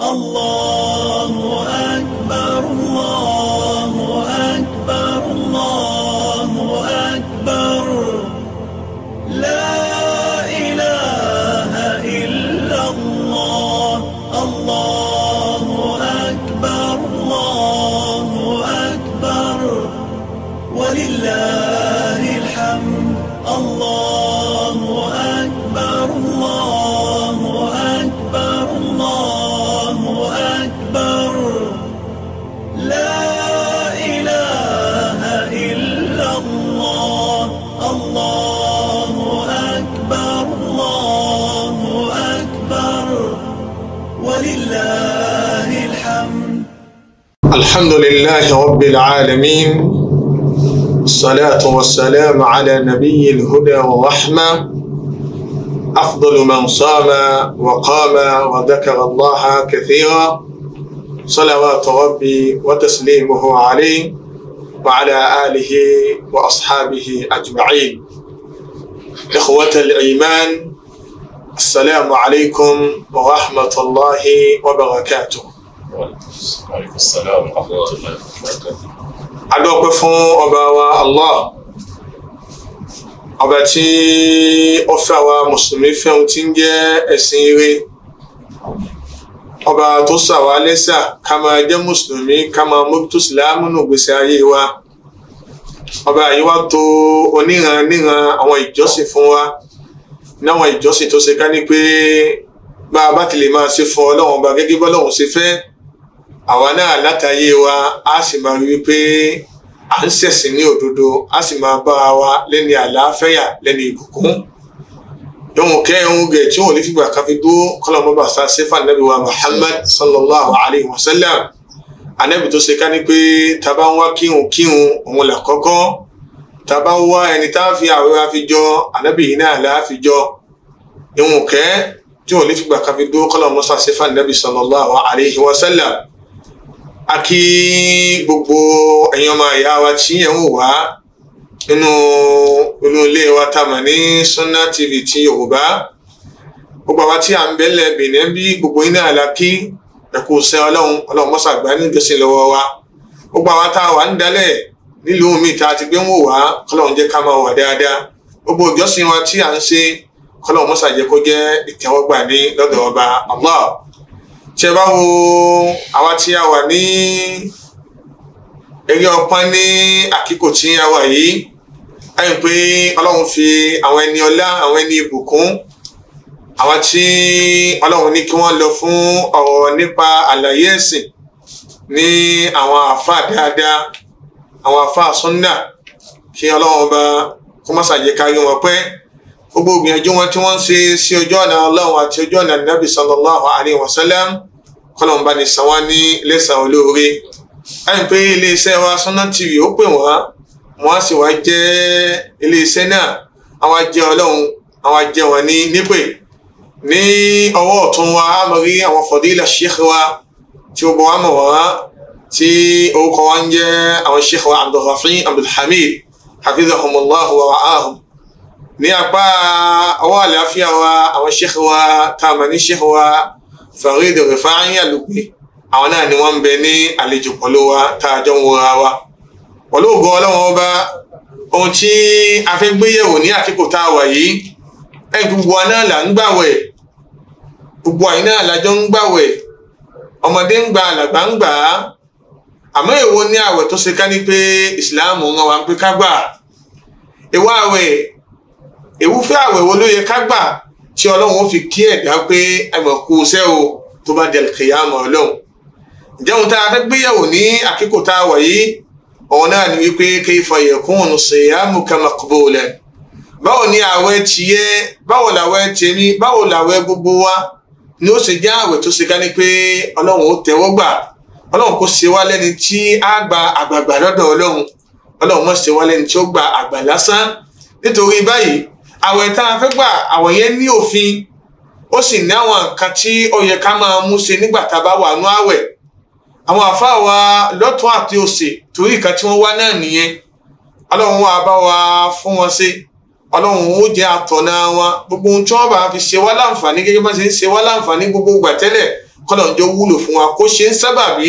الله أكبر الحمد لله رب العالمين الصلاة والسلام على نبي الهدى والرحمة أفضل من صام وقام وذكر الله كثيرا صلوات ربي وتسليمه عليه وعلى آله وأصحابه أجمعين إخوة الإيمان السلام عليكم ورحمة الله وبركاته adọ́pẹ́ fún ọba wa Allah ọba tí ó fẹ́ wa mùsùlùmí fẹ́ ohun tí ń jẹ́ ẹ̀sìn ire ọba tó sàwà lẹ́sà ká máa jẹ́ mùsùlùmí ká máa mójútó síláàmù nù gbèsè ayé wa ọba yìí wá tò oníran níran àwọn ìjọsìn fún wa náwọn ìjọsìn tó ṣe ká ní pé bá a bá ti máa ṣe fún Ọlọ́run ọba gẹ́gẹ́ bọ́lọ́run ṣe fẹ́ àwa náà látàyè wa a sì máa rí wípé à ń ṣẹ̀sìn ní òdodo a sì máa bá wa lẹ́ni àlàáfẹ́yà lẹ́ni ìbùkún dɔnku kɛyɛn gɛ tí wọn lè fi gbà káfí dó kọlọmọ bá sa sefa anabi wa muhammad sallallahu alayhi wa sallam anabi tó ṣe ká ní pé taba ń wá kíhun kíhun òun là kọ́kọ́ taba ń wá ẹni tá a fi àwẹ̀ wa fi jọ anabi yìí náà là á fi jọ ìwọn kẹ tí wọn lè fi gbà káfí dó kọlọmọ sa sefa anabi sallallahu alayhi wa sallam a kí gbogbo ẹ̀yin ọmọ ìyá wa tí ẹ̀ ń wò wá nínú inú ilé wa tá a mọ̀ ní Sunna TV ti Yorùbá gbogbo àwa tí à ń bẹ́lẹ̀ Benin bí gbogbo yín náà la ẹ̀kú sẹ́ ọlọ́run ọlọ́run mọ́sàgbá ní gbèsè lọ́wọ́ wa gbogbo àwa tá a wà ń dalẹ̀ nílùú mi tá a ti gbé ń wò wá kọ́lọ́run jẹ́ ká máa wà dáadáa gbogbo ìjọsìn wa tí à ń ṣe kọ́lọ́run mọ́sàjẹ́ kó jẹ́ ìtẹ́wọ́gbà ní lọ́dọ̀ ọba Allah ṣe bá wo àwa tí a wà ní eré ọpọ́n ní àkíkò tí a wà yìí láyìn pé ọlọ́run fi àwọn ẹni ọlá àwọn ẹni ìbùkún àwọn tí ọlọ́run ní kí wọ́n lọ fún ọ̀rọ̀ nípa àlàyé ẹ̀sìn ní àwọn àáfàá dáadáa àwọn àáfàá súnnà kí ọlọ́run bá kó má ṣàyẹ̀kárí wọn pẹ́ gbogbo gbìyànjú wọn tí wọ́n ń ṣe sí ojú ọ̀nà ọlọ́run àti ojú ọ̀nà nàbì sallallahu alayhi wa sallam kọlọ̀ǹba ní sanwó ní iléeṣẹ́ olóore láì pé iléeṣẹ́ wa Sunna TV ó pè wọ́n wọ́n sì wá jẹ́ iléeṣẹ́ náà àwọn ajẹ́ ọlọ́run àwọn ajẹ́ wọn ní nípè ní ọwọ́ ọ̀tún wa a mọ̀ rí àwọn fọ̀dílà sheikh wa tí ó bọ̀ wá mọ̀ wọ́n tí orúkọ wọn ń jẹ́ àwọn sheikh wa Abdulrafi Abdulhamid hafizahumullahu wa'ahum ní apá ọwọ́ àlàáfíà wa àwọn sheikh wa táàmà ní sheikh wa Farid Rifai Alugbe àwọn náà ni wọ́n ń bẹ ní àlejò pẹ̀lú wa tá a jọ ń wọra wa pẹ̀lú ògo ọlọ́run ọba ohun tí a fẹ́ gbéyẹ̀wò ní àkókò tá a wà yìí ẹ̀yìn gbogbo wa náà là ń gbàwẹ̀ gbogbo àyín náà làjọ ń gbàwẹ̀ ọmọdé ń gba àlàgbà ń gbà á àmọ́ èwo ni àwẹ̀ tó ṣe ká ní pé ìsìláàmù ń wá pé ká gbà èwo àwẹ̀ ewúfẹ́ àwẹ̀ wo ló yẹ ká gbà tí ọlọ́run ó fi kí ẹ̀dá pé ẹ̀mọ̀ kú iṣẹ́ o tó bá dẹ̀lẹ̀ kìyà mọ̀ ọlọ́run ìjẹun tá a fẹ́ gbéyàwó ní àkíkò tá a wà yìí ọ̀hún náà ni wípé kí ìfọyẹ̀ kún ọ̀nà ṣèyàmù kàmàkùbò lẹ̀ báwo ni àwẹ̀ ti yẹ báwo làwẹ̀ tèmi báwo làwẹ̀ gbogbo wa ni ó ṣe jẹ́ àwẹ̀ tó ṣe ká ní pé ọlọ́run ó tẹ́wọ́ gbà ọlọ́run kò ṣe wá lẹ́ni tí á gba àgbààgbà lọ́dọ̀ ọlọ́run ọlọ́run mọ̀ ṣe wá lẹ́ni tí ó gba àgbà lásán nítorí báyìí àwẹ̀ tá a fẹ́ gbà àwẹ̀ yẹn ní òfin ó sì ní àwọn nǹkan tí ó yẹ ká máa mú ṣe nígbà tá a bá wà nú àwẹ̀ àwọn àfáà wa lọ́tún àti òsè torí nǹkan tí wọ́n wá náà nìyẹn ọlọ́run wa bá wa fún wọn ṣe ọlọ́run ó jẹ́ àtọ̀nà wọn gbogbo ohun tí wọ́n bá fi ṣe wá láǹfààní gẹ́gẹ́ bá ṣe ń ṣe wá láǹfààní gbogbo ìgbà tẹ́lẹ̀ kọ́lọ̀njọ́ wúlò fún wa kó ṣe ń sábàbí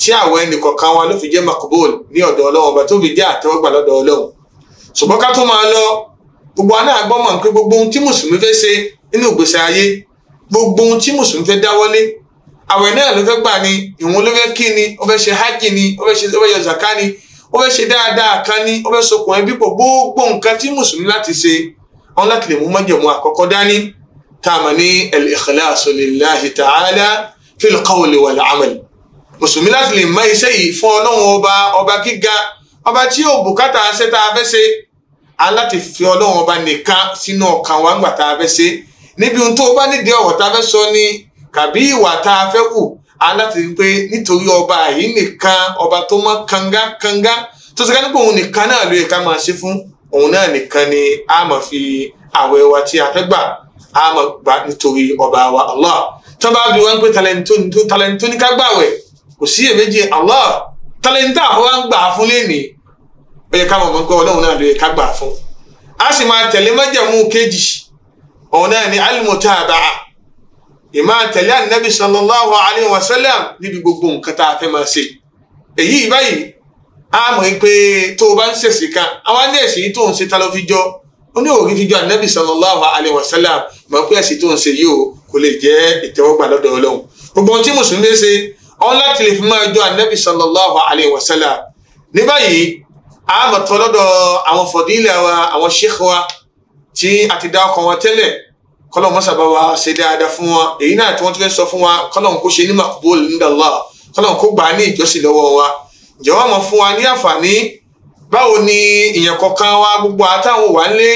tí àwọn ẹnìkọ̀ọ̀kan wa ló fi jẹ́ makobol ní ọ̀dọ̀ ọlọ́run ọba tó fi jẹ́ àtẹ́wọ́gbà lọ́dọ̀ ọlọ́run ṣùgbọ́n ká tó máa lọ gbogbo àná àgbọ́mọ̀ pé gbogbo ohun tí mùsùlùmí fẹ́ ṣe nínú ìgbésí ayé gbogbo ohun tí mùsùlùmí fẹ́ dáwọ́lé àwẹ̀ náà ló fẹ́ gbà ni ìwọ̀n ló fẹ́ kí ni ó fẹ́ ṣe hájì ni ó fẹ́ ṣe ó fẹ́ yọ zàká ni ó fẹ́ ṣe dáadáa kan ni ó fẹ́ sokùn ẹbí pọ̀ gbogbo nǹkan tí mùsùlùmí láti ṣe wọn láti lè mú májẹ̀mú àkọ́kọ́ dání tá a mọ̀ ní al-ikhlasu lillahi ta'ala fil qawli wal amal mùsùlùmí láti lè mọ iṣẹ́ yìí fún ọlọ́run ọba ọba gíga ọba tí yóò bùkátà ṣe tá aláti fi ọlọ́run ọba nìkan sínú ọkàn wa ńgbà tá a fẹ́ ṣe níbi ohun tó bá nídìí ọ̀wọ̀ tá a fẹ́ sọ ni kàbí ìwà tá a fẹ́ wù aláti pé nítorí ọba yìí nìkan ọba tó mọ́ kanga kanga tó ti ká nípa òun nìkan náà ló yẹ ká máa ṣe fún òun náà nìkan ni a máa fi àwẹ̀ wa tí a fẹ́ gbà a máa gbà nítorí ọba wa Allah tó bá bí wọn pé talẹ̀ntó ní ká gbàwẹ̀ kò sí èméjì Allah talẹ̀ntó àwọn wa gbà fún lénìí ó yẹ káwọn mọ̀ pé ọlọ́run náà ló yẹ ká gbà fún a sì máa tẹ̀lé májẹ̀mú kejì òun náà ni al-mutaba'a ìmá tẹ̀lé ànábì sallallahu alayhi wa sallam níbi gbogbo nǹkan tá a fẹ́ máa ṣe èyí báyìí a mọ̀ pé tó o bá ń ṣèṣì kan àwọn ní ẹ̀sìn tó ń ṣe ta ló fi jọ ó ní òòrí fi jọ ànábì sallallahu alayhi wa sallam mọ̀ pé ẹ̀sìn tó ń ṣe yìí o kò lè jẹ́ ìtẹ́wọ́gbà lọ́dọ̀ ọlọ́run gbogbo ohun tí mùsùlùmí ṣe ọ̀n láti lè fi máa jọ ànábì sallallahu alayhi wa sallam ní báyìí àmọ̀tọ́ lọ́dọ̀ àwọn fọ̀dílẹ̀ wa àwọn sheikh wa tí a ti dá ọkàn wọn tẹ́lẹ̀ kọ́lọ́n mọ́sàbá wa ṣe dáadáa fún wọn èyí náà tí wọ́n ti fẹ́ sọ fún wa kọ́lọ́n kó ṣe ní makbul ndàlá kọ́lọ́n kó gbà ní ìjọsìn lọ́wọ́ wa jọ̀wọ́ mọ̀ fún wa ní àǹfààní báwo ni ìyẹn kọ̀ọ̀kan wa gbogbo àtàwọn wà ń lé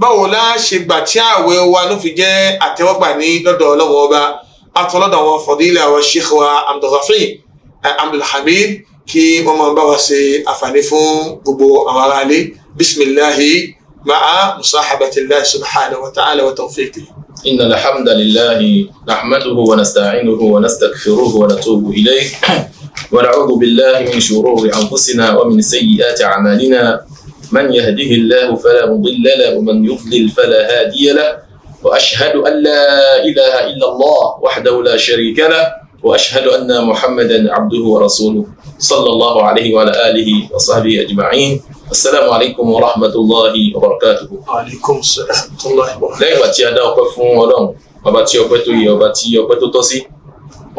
báwo la ṣe gbà tí ààwẹ̀ wa ló fi jẹ́ àtẹ́wọ́gbà ní lọ́dọ̀ ọlọ́wọ́ ọba àtọ́lọ́dọ̀ àwọn fọ̀dílẹ̀ àwọn sheikh wa abdulhamid kí wọ́n máa bá wa ṣe àǹfààní fún gbogbo àwọn aráalé bisimilahi ma'a musahabatilahi إن الحمد لله نحمده ونستعينه ونستغفره ونتوب إليه ونعوذ بالله من شرور أنفسنا ومن سيئات أعمالنا من يهده الله فلا مضل له ومن يضلل فلا هادي له وأشهد أن لا إله إلا الله وحده لا شريك له وأشهد أن محمدا عبده ورسوله صلى الله عليه وعلى آله وصحبه أجمعين السلام عليكم ورحمة الله وبركاته عليكم السلام ورحمة الله وبركاته lẹ́yìn ìgbà tí a dá ọpẹ́ fún Ọlọ́run ọba tí ọpẹ́ tó yẹ ọba tí ọpẹ́ tó tọ́ sí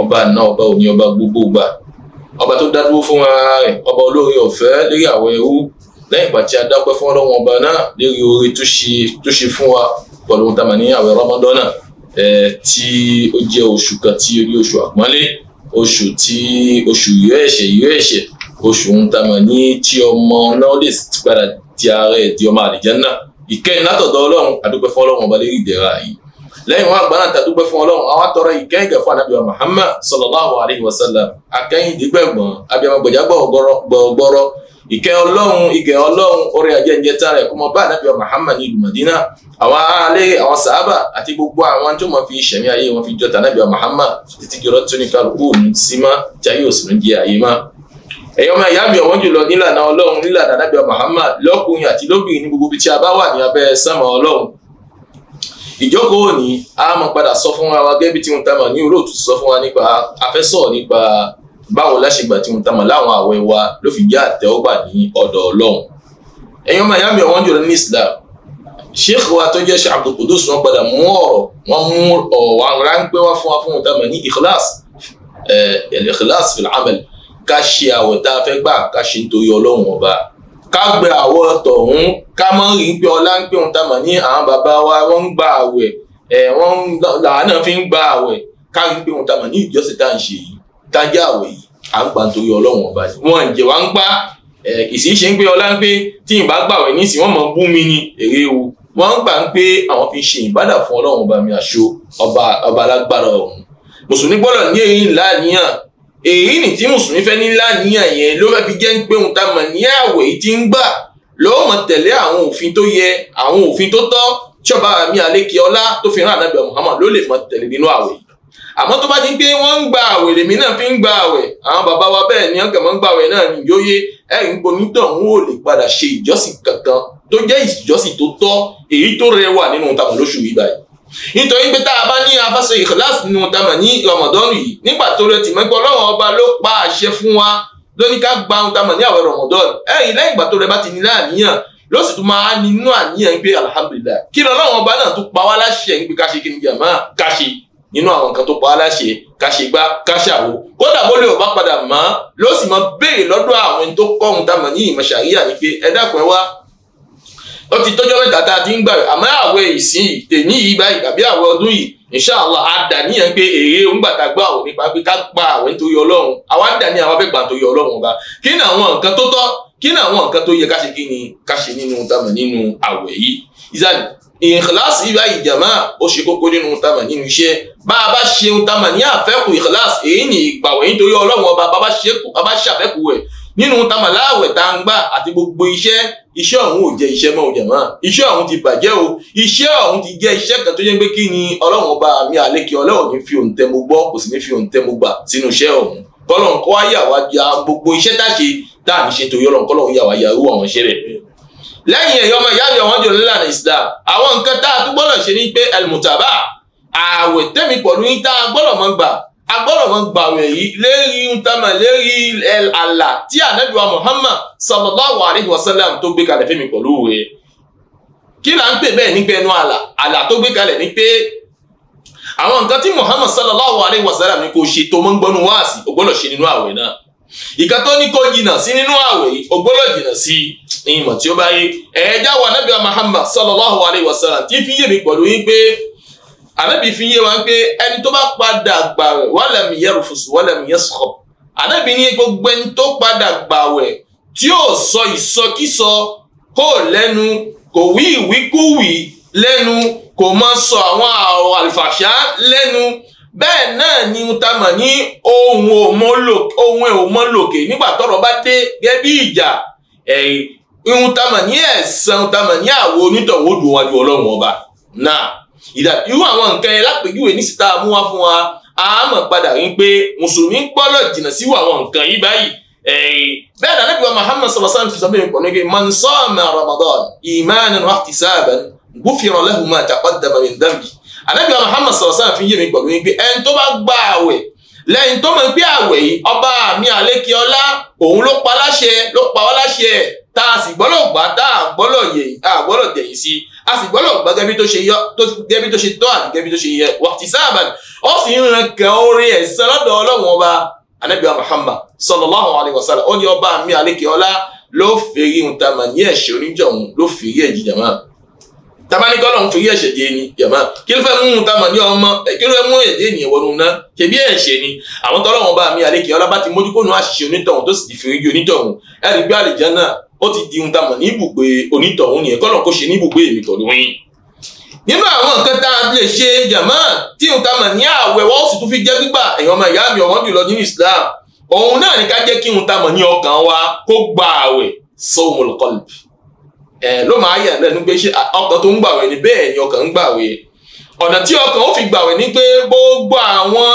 ọba àná ọba òní ọba gbogbo gbà ọba tó dá dúró fún ara rẹ̀ ọba olóore ọ̀fẹ́ lórí àwọn ẹrú lẹ́yìn ìgbà tí a dá ọpẹ́ fún Ọlọ́run ọba náà lórí oore tó ṣe fún wa pẹ̀lú ohun tá a mọ̀ ní àwẹ̀ rọmọdọ́nà tí ó jẹ́ oṣù kan tí ó ní oṣù àpọ́nlé oṣù tí oṣù yóò ẹ̀ṣẹ̀ yóò ẹ̀ṣẹ̀ oṣù ń ta mọ̀ ní tí ọmọ náà lè padà di ara ẹ̀ ọmọ àlìjẹ́ náà ìkẹyìn látọ̀dọ̀ ọlọ́run àdúpẹ́ fọlọ́run ọba lérí ìdẹ̀ra yìí lẹ́yìn wọn àgbà náà tàdúgbẹ́ fún ọlọ́run àwọn atọ́rọ ìkẹyìn gẹ̀ fún anábìyà Muhammad sallallahu alayhi wa sallam akẹ́yìn dígbẹ̀gbọ̀n abiyamọ gbọ̀jágbọ̀ gbọ̀gbọ̀rọ̀ ìkẹ́ ọlọ́run ìgẹ̀ ọlọ́run orí ajẹ́jẹ́ tá rẹ̀ kó mọ bá anábìyà Muhammad ní ìlú Madina àwọn aráalé àwọn sàábà àti gbogbo àwọn tó mọ fi ṣẹ̀mí ayé wọn fi jọta anábìyà Muhammad títí jọrọ tó ní kálukú òní sí má jayé òsì ní jẹ ayé má ẹ̀yọ́ máa yá mi ọ̀wọ́n jùlọ nílànà ọlọ́run nílànà anábìyà Muhammad lọ́kùnrin àti lóbìnrin ní gbogbo ibi tí a bá wà ní abẹ́ sánmà ọlọ́run ìjókòó òní a máa padà sọ fún wa gẹ́gẹ́ bí tí wọ́n tamọ̀ ní olóòtú sọ fún wa nípa afẹ́sọ̀ nípa báwo láṣegbà tí wọ́n tamọ̀ láwọn àwẹ̀ wa ló fi jẹ́ àtẹ́wọ́gbà ní ọ̀dọ̀ ọlọ́run ẹ̀yin ọmọ ìyá mi ọ̀wọ́n jùlọ ní Islam sheikh wa tó jẹ́ sheikh Abdul Qudus wọn padà mú ọ̀rọ̀ wọn mú ọ̀wà ráńpẹ́ wá fún wa fún wọn tamọ̀ ní ikhlas eh, ikhlas fil amal ká ṣe àwẹ̀ tá a fẹ́ gbà ká ṣe ká gbẹ àwọ̀ tọ̀hún ká mọ́ rí pé ọlá ń pè ń ní àwọn bàbá wa wọ́n ń gba àwẹ̀ ẹ̀ wọ́n làwọn náà fi ń gba àwẹ̀ ká rí pé ń ní ìjọsìn tá à ń ṣe yìí tájá àwẹ̀ yìí à ń gbà nítorí ọlọ́run ọba ni wọ́n jẹ̀ wá ń gbá kìsì ṣe ń pé ọlá ń pé tí ìbá gbàwẹ̀ nísìn wọ́n mọ̀ bú mi ni èrè o wọ́n ń gbà ń pé àwọn fi ṣe ìbádà fún ọlọ́run ọba mi àṣọ ọba alágbára ọ̀hún mùsùlùmí gbọ́dọ̀ èyí nì tí mùsùlùmí fẹ́ nílá níyàn yẹn ló fẹ́ fi jẹ́ ń pé òun ta mọ̀ ní àwẹ̀ yìí ti ń gbà lọ́wọ́ mọ̀ tẹ̀lé àwọn òfin tó yẹ àwọn òfin tó tọ́ tí ọba mi àlékè ọlá tó fi rán ànábì Muhammad ló lè mọ̀ tẹ̀lé nínú àwẹ̀ yìí àmọ́ tó bá ti ń pé wọ́n ń gba àwẹ̀ lèmi náà fi ń gba àwẹ̀ àwọn bàbá wa bẹ́ẹ̀ ni wọ́n máa ń gba àwẹ̀ náà ní yóyé ẹ̀rín ponítọ̀ ò lè padà ṣe ìjọsìn kankan tó jẹ́ ìjọsìn tó tọ́ èyí tó rẹwà nínú tàbí lóṣù yìí báyìí nítorí pé tá a bá ní afáṣe ìkọláàsì nínú tamà ní rọmọdọ́nù yìí nígbà tó rẹ tì mẹ́gbọ́ ọlọ́run ọba ló pa àṣẹ fún wa lóní ká gba ohun tamà ní àwọn rọmọdọ́nù ẹ̀yìn lẹ́yìn ìgbà tó rẹ bá ti ní láàníyàn ló sì tún máa ní inú àníyàn pé alihamudulilayi kí lọ́lọ́run ọba náà tún pa wá láṣẹ ń pé ká ṣe kí ni jàmá ká ṣe nínú àwọn nǹkan tó pa á láṣẹ káṣegbá káṣàwó kódà bó lè ọba padà mọ́ ló sì mọ béèrè lọ́dọ̀ àwọn tó kọ́ ohun tá a mọ̀ ní ìmọ̀ ni pé ẹ dákun ẹ wá ó ti tọ́jọ́ mẹ́ta tá a ti ń gbà rẹ̀ àmọ́ àwẹ̀ ìsìn tèmi yìí báyìí tàbí àwẹ̀ ọdún yìí inshallah àdàníyàn pé èrè òǹgbàtà gbà ò nípa pé ká gba àwẹ̀ nítorí ọlọ́run àwa àdàníyàn àwa fẹ́ gbà nítorí ọlọ́run ọba kí ni àwọn nǹkan tó tọ́ kí ni àwọn nǹkan tó yẹ ká ṣe kí ni ká ṣe nínú tàmà nínú àwẹ̀ yìí ìsàlẹ̀ ìkìláàsì ìbá ìjàmá ó ṣe kókó nínú tàmà nínú iṣẹ́ bá a bá ṣe tàmà ní àfẹ́kù ìkìláàsì èyí ni ìgbàwẹ̀ nítorí ọlọ́run ọba bá a bá ṣe àfẹ́kù rẹ̀ nínú tamaláwẹ̀ tá ń gbà àti gbogbo iṣẹ́ iṣẹ́ ọ̀hún ò jẹ́ iṣẹ́ mọ́ òjẹ̀ mọ́ iṣẹ́ ọ̀hún ti bàjẹ́ o iṣẹ́ ọ̀hún ti jẹ́ iṣẹ́ kan tó yẹ pé kí ni ọlọ́run ọba mi àlékè ọlọ́run ní fi òǹtẹ́ mo gbọ́ kò sì ní fi òǹtẹ́ mo gbà sínú iṣẹ́ ọ̀hún kọ́lọ́n kọ́ àyàwá ya gbogbo iṣẹ́ tá a ṣe tá a ní ṣe torí ọlọ́run kọ́lọ́run yàwá ya irú àwọn iṣẹ́ rẹ̀ lẹ́yìn ẹ̀yọ́ ọmọ ìyá mi jò nílànà Islam àwọn nǹkan tá a tún gbọ́dọ̀ ṣe ni pé ẹlmùtàbà ààwẹ̀ tẹ́mi pọ̀lú yín tá a gbọ́dọ̀ mọ́ gbà a gbọ́dọ̀ mọ gbàwẹ̀ yìí lérí ntama lérí àlà tí ànábìwá Muhammad sallallahu alayhi wa sallam tó gbé kalẹ̀ fẹ́mi pẹ̀lú rẹ̀ kí là ń pè bẹ́ẹ̀ nígbà ẹnu àlà àlà tó gbé kalẹ̀ ní pé àwọn nǹkan tí Muhammad sallallahu alayhi wa sallam ni kò ṣe tó mọ́ ń gbọ́nu wáàsí o gbọ́dọ̀ ṣe nínú àwẹ̀ náà ìka tó ní kó jìnà sí nínú àwẹ̀ yìí o jìnà sí ìmọ̀ tí ó bá yé ẹ̀ẹ́dá wa nàbíyà Muhammad sallallahu alayhi wa sallam tí fi yé mi pẹ̀lú yín pé anabi fi yé wa pé ẹni tó bá padà gbàwẹ̀ wàlẹ̀ mi yẹrù fòsù wàlẹ̀ mi yẹ sọ̀ anabi ní gbogbo ẹni tó padà gbàwẹ̀ tí yóò sọ ìsọkísọ kó lẹ́nu kò wí ìwíkúwì lẹ́nu kò mọ sọ àwọn àrùn àlùfàṣà lẹ́nu bẹ́ẹ̀ náà ni ta mọ̀ ní ohun òmọ́lòkè nígbà tọ́rọ̀ bá dé gẹ́gẹ́ bí ìjà ẹ̀yìn ohun ta mọ̀ ní ẹ̀san ta mọ̀ ní àwo onítọ̀wọ́dù wájú ọlọ́run ọba náà irú àwọn nǹkan ẹ lápèjúwe ní síta mú wá fún wa a mọ̀ padà wípé mùsùlùmí ń gbọ́dọ̀ jìnnà sí àwọn nǹkan yìí báyìí bẹ́ẹ̀ náà níbi wa Muhammad sallallahu alaihi wasallam sọ pé man sama Ramadan imanan wa ihtisaban gufira lahu ma taqaddama min dhanbi ànábì wa Muhammad sallallahu alaihi wasallam fi yé mi pẹ̀lú wípé ẹni tó bá gba àwẹ̀ lẹ́yìn tó mọ̀ pé àwẹ̀ yìí ọba mi àlékiọlá òun ló pa láṣẹ ló pa wá láṣẹ tá a sì gbọ́dọ̀ gbà tá a gbọ́dọ̀ yẹ a gbọ́dọ̀ dẹ̀yìn sí a sì gbọ́dọ̀ gbà gẹ́bí tó ṣe yọ gẹ́bí tó ṣe tọ́ àti gẹ́bí tó ṣe yẹ wàtí sáàbà ó sì ń ran kan orin ẹ̀san lọ́dọ̀ ọlọ́run ọba anabi muhammad sallallahu alayhi wa sallam ó ní ọba mi àlékè ọlá ló fèrè ń ta mà ní ẹ̀ṣẹ̀ oníjọ̀hún ló fèrè ẹ̀jì jàmá tabanikọ́ lọ́n fèrè ẹ̀ṣẹ̀ dé ni jàmá kí ló fẹ́ mú un ta mà ní ọmọ eh, kí ló fẹ́ mú ẹ̀jẹ̀ ènìyàn wọnú ná ṣebí ẹ̀ṣẹ̀ ni àwọn tọ́lọ́wọ́n bá mi àlékè ọlá bá ti mójúkó nu àṣìṣe onítọ̀hún tó sì ti ju onítọ̀hún ẹ̀rí gbé àlìjá náà ó ti di ohun tá a mọ̀ ní ibùgbé onítọ̀hún nìyẹn kọ́nà kó ṣe ní ibùgbé èmi pẹ̀lú yín. nínú àwọn nǹkan tá a lè ṣe jàmọ́ tí ohun tá a mọ̀ ní ààwẹ̀ wọ́n sì tún fi jẹ́ gbígbà èèyàn ọmọ ìyá mi ọ̀wọ́n jùlọ nínú Islam òun náà ní ká jẹ́ kí ohun tá a mọ̀ ní ọkàn wa kó gba ààwẹ̀ sawmul qalb ẹ̀ ló máa yà lẹ́nu pé ọkàn tó ń gbàwẹ̀ ni bẹ́ẹ̀ ni ọkàn ń gbàwẹ̀ ọ̀nà tí ọkàn ó fi gbàwẹ̀ ni pé gbogbo àwọn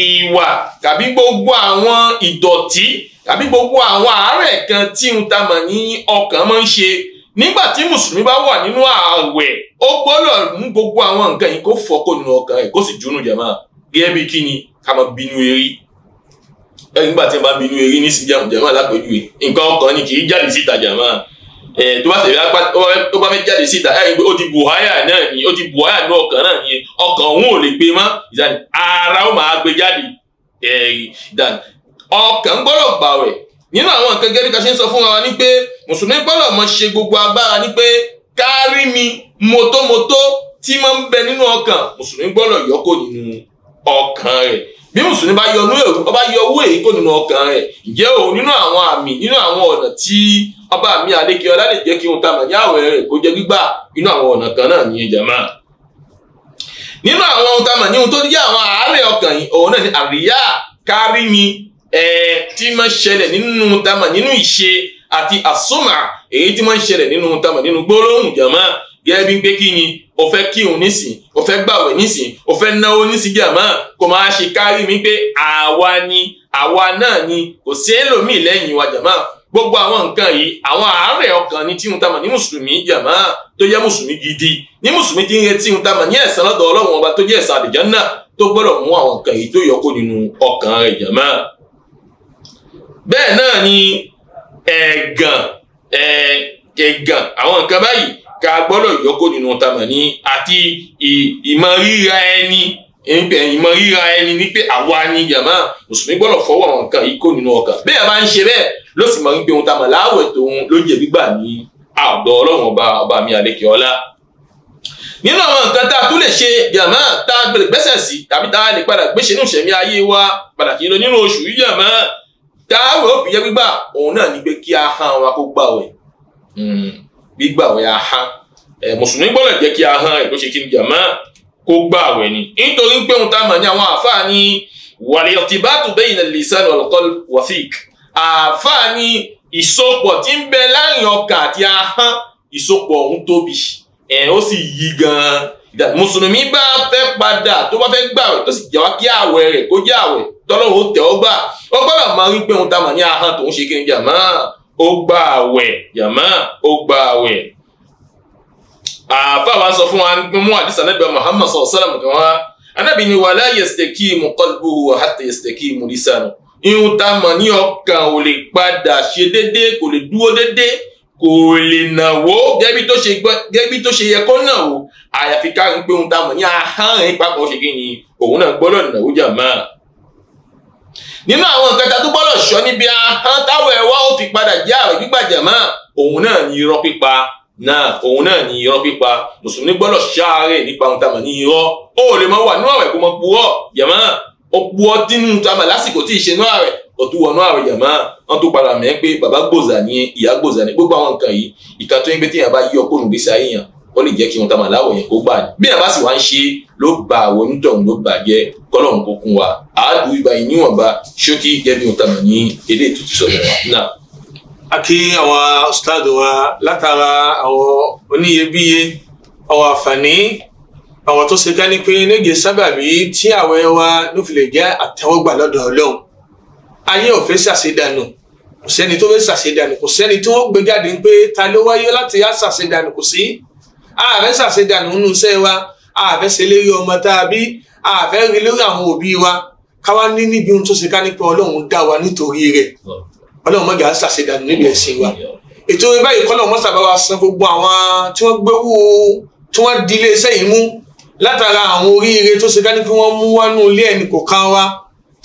ìwà tàbí gbogbo àwọn ìdọ̀tí tàbí gbogbo àwọn àárẹ̀ kan tí ń ta mọ̀ ní ọkàn máa ń ṣe nígbà tí mùsùlùmí bá wà nínú ààwẹ̀ ó gbọ́dọ̀ mú gbogbo àwọn nǹkan yìí kó fọ́kó nínú ọkàn ẹ̀ kó sì jónú jẹ̀mọ́ gẹ́gẹ́ bí kí ni ká máa bínú eré ẹ̀ nígbà tí wọ́n bá bínú eré ní síjà jẹ̀mọ́ lápẹ̀jùwe nǹkan ọkàn ni kì í jáde síta jẹ̀mọ́ ẹ̀ tó bá tẹ̀lé apá tó bá fẹ́ jáde síta ẹ̀ ó di buhaya náà ni ó di buhaya ní ọkàn náà ni ọkàn òun ò lè gbé mọ́ ìdáni ara ó máa gbé jáde ẹ̀ ìdáni ọkàn gbọ́dọ̀ gbàwẹ̀ nínú àwọn nǹkan gẹ́gẹ́ bí ká ṣe ń sọ fún wa ni pé mùsùlùmí gbọ́dọ̀ mọ ṣe gbogbo agbára ni pé kárí mi tí máa ń bẹ nínú ọkàn mùsùlùmí gbọ́dọ̀ yọkọ̀ nínú ọkàn rẹ̀ bí mùsùlùmí bá yọ ọkàn rẹ̀ ǹjẹ́ nínú àwọn àmì nínú àwọn ọ̀nà tí ọba mi lè jẹ́ kí tí máa ń ṣẹlẹ̀ nínú tamà nínú ìṣe àti àsomà èyí tí máa ń ṣẹlẹ̀ nínú tamà nínú gbólóhùn jàmá gẹ́gẹ́ bí pé kí ni o fẹ́ kírun nísìn o fẹ́ gbàwẹ̀ nísìn o fẹ́ náwó nísìn jàmá kò máa ṣe kárí mi pé àwa ni àwa náà ni kò sí ẹlòmíì lẹ́yìn wa jàmá gbogbo àwọn nǹkan yìí àwọn àárẹ̀ ọkàn ni tí n ta mọ̀ ní mùsùlùmí jàmá tó jẹ́ mùsùlùmí gidi ní mùsùlùmí tí ń retí n ta mọ̀ ní ẹ̀san lọ́dọ̀ ọlọ́run ọba tó jẹ́ ẹ̀san àlùjánnà tó gbọ́dọ̀ mú àwọn nǹkan yìí tó yọkó nínú ọkàn rẹ̀ jàmá bẹ́ẹ̀ náà ni ẹ̀gàn ẹ̀gàn àwọn nǹkan báyìí ká gbọ́dọ̀ yọkó nínú tamọ̀ ní àti ìmọ̀ ríra ẹni ìmọ̀ ríra ẹni ní pé àwa ni yàmá mùsùlùmí gbọ́dọ̀ fọwọ́ àwọn nǹkan yìí kó nínú ọkàn bẹ́ẹ̀ bá ń ṣe bẹ́ẹ̀ ló sì mọ̀ ń gbé ohun tamọ̀ láàwẹ̀ tòun ló jẹ̀ gbígbà ní àdọ̀ ọlọ́run ọba ọba mi àlékè ọlá nínú àwọn nǹkan tá a tún lè ṣe yàmá tá a gbẹ̀rẹ̀ gbẹ́sẹ̀ sí tàbí tá a lè padà gbéṣẹ́ nínú ìṣẹ̀mí ayé wa pàtàkì nínú oṣù yìí yàmá dáwọ̀ òfin jẹ́ gbígbà òun náà ní pé kí ahọ́n wa kó gbà wẹ̀ hmm. gbígbà wẹ̀ ahọ́n mùsùlùmí gbọ́dọ̀ jẹ́ kí ahọ́n ẹ̀ tó ṣe kí n jà mọ́ kó gbà wẹ̀ ni nítorí pé òun tá a mọ̀ ní àwọn àfáà ní wal-irtibātu bayna al-lisān wal-qalb wathīq àfáà ní ìsopọ̀ tí ń bẹ láàrin ọkàn àti ahọ́n ìsopọ̀ òun tóbi ẹ̀ ó sì yí gan mùsùlùmí bá fẹ́ padà tó bá fẹ́ gbàwẹ̀ tó sì jẹ́ wá kí àwẹ̀ rẹ̀ kó jẹ́ àwẹ̀ tọ́lọ́wọ́ tẹ̀ ọ́ gbà ó gbọ́dọ̀ máa rí pé òun tá a mà ní ahọ́n tó ń ṣe kí ni jàmá ó gbà àwẹ̀ jàmá ó gbà àwẹ̀. àfa wa sọ fún wa mú àdìsá nàbẹ Muhammad sọ sálàm kan wá anábì ni wàlá yastakimu qalbuhu hatta yastakimu lisanu ìhun tá a ní ọkàn ò lè padà ṣe déédéé kò lè dúró déédéé kò lè nàwó gẹ́bí tó ṣe gbọ́ gẹ́bí tó ṣe yẹ kó nàwó àyàfi ká ń pé ohun tá a mọ̀ ní ahọ́n yín papọ̀ ṣe kí ni òun náà gbọ́dọ̀ nàwó jà mọ́ nínú àwọn nǹkan tá a tó gbọ́dọ̀ ṣọ́ níbi ahọ́n táwọn ẹ̀wá ó fi padà jẹ́ àwẹ̀ gbígbàjà mọ́ òun náà ni irọ́ pípa náà òun náà ni irọ́ pípa mùsùlùmí gbọ́dọ̀ ṣáàárẹ̀ nípa ohun tá a mọ̀ ní irọ́ ó lè mọ wà nínú àwẹ̀ kó mọ purọ́ jẹ̀mọ́ ó purọ́ dínú tá a mọ̀ lásìkò tí ì ṣe nínú àwẹ̀ wọ́n tún wọnú àwọn jàmá wọ́n tún padà mẹ́ pé bàbá gbòòzà ni ìyá gbòòzà ni gbogbo àwọn nǹkan yìí ìka tó ń gbé téèyàn bá yí ọkọ̀ òrùn gbèsè ayé yàn ó lè jẹ́ kí wọn ta màá láwọ̀ yẹn kó gbà ní. bí àbá sì wá ń ṣe ló ba àwọn onídọ̀hún ló bàjẹ́ kọ́lọ́hún kó kún wa àádùn ìgbà yìí níwọ̀nba ṣókí gẹ́bí wọn tàmà ní ilé ìtútù sọ̀rọ̀ wa náà. a kí àwọn ustaadu wa látara àwọn tó ṣe ká ní pé nígbè sábàbí tí àwẹ̀ wa ló fi lè jẹ́ àtẹ́wọ́gbà lọ́dọ̀ ayé ò fẹ́ ṣàṣedànù kò sẹ́ni tó fẹ́ ṣàṣedànù kò sẹ́ni tí wọ́n gbé jáde pé ta ló wáyé láti yá ṣàṣedànù kò sí ààfẹ́ ṣàṣedànù nínú iṣẹ́ wa ààfẹ́ ṣe lérí ọmọ tá a bí ààfẹ́ rí lórí àwọn òbí wa káwá ní níbi ohun tó ṣe ká nípa ọlọ́run dá wa nítorí rẹ̀ ọlọ́run mọ̀gà ṣàṣedànù níbi ẹ̀sìn wa ètò báyìí kọ́lọ̀ mọ́sàbá wa san gbogbo àwọn tí wọ́n gbéwò tí wọ́n di iléeṣẹ́ yìí mú látara àwọn oríire tó ṣe ká ní kí wọ́n mú wánú ilé ẹnì kọ̀ọ̀kan wa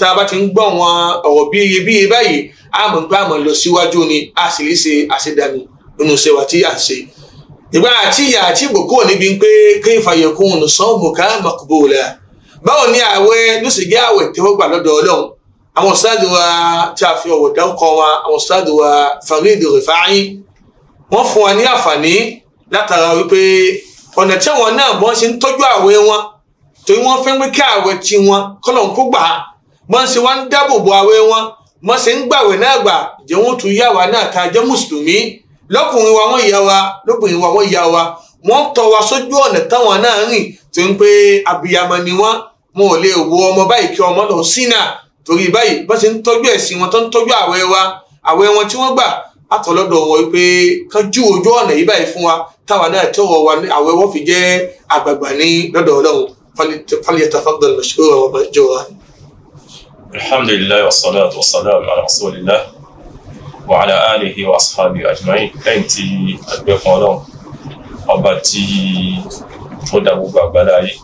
tá a bá ti ń gbọ́ wọn ọ̀rọ̀ bí iye bí iye báyìí àmọ́ nípa àmọ́ lọ síwájú ni a sì lè ṣe àṣedànù nínú iṣẹ́ wa tí à ń ṣe. ìgbà àti ìyà àti ìgbòkó níbi pé kí ìfàyẹ̀kùn sọ́ọ̀mù ká maqbula báwo ni ààwẹ̀ ló sì jẹ́ ààwẹ̀ tẹ́wọ́gbà lọ́dọ̀ ọlọ́run àwọn ustaadu wa tí a fi ọ̀wọ̀ dáńkọ wa àwọn ustaadu wa Farid Rifai wọ́n fún wa ní àǹfààní látara wípé ọ̀nà tí àwọn náà bọ́n ṣe ń tọ́jú ààwẹ̀ wọn torí wọ́n fẹ́ pé kí ààwẹ̀ tiwọn kọ́lọ̀ ń kó gbà wọ́n ṣe wá ń dáàbò bo àwẹ̀ wọn wọ́n ṣe ń gbàwẹ̀ náà gbà jẹ́ wọ́n tún yá wa náà ká jẹ́ mùsùlùmí lọ́kùnrin wa wọ́n yá wa lóbìnrin wa wọ́n yá wa wọ́n tọ́ wa sójú ọ̀nà táwọn náà rìn tó ń pé abiyamọ ni wọ́n wọn ò lè wo ọmọ báyìí kí ọmọ lọ sínà torí báyìí bọ́n ṣe ń tọ́jú ẹ̀sìn wọn tó ń tọ́jú àwẹ̀ wa àwẹ̀ wọn tí wọ́n gbà àtọ̀lọ́dọ̀ wọn wípé kánjú ojú ọ̀nà yìí báyìí fún wa táwa náà tọ̀wọ̀ wa ní àwẹ̀ wọn fi jẹ́ àgbààgbà ní lọ́dọ̀ ọlọ́run fal yatafaddal mashkuran wa majura. الحمد لله والصلاة والسلام على رسول الله وعلى آله وأصحابه wa أنتي ajma'in lẹ́yìn tí àgbẹ̀ fún ọlọ́run ọba tí ó dá gbogbo àgbàlá yìí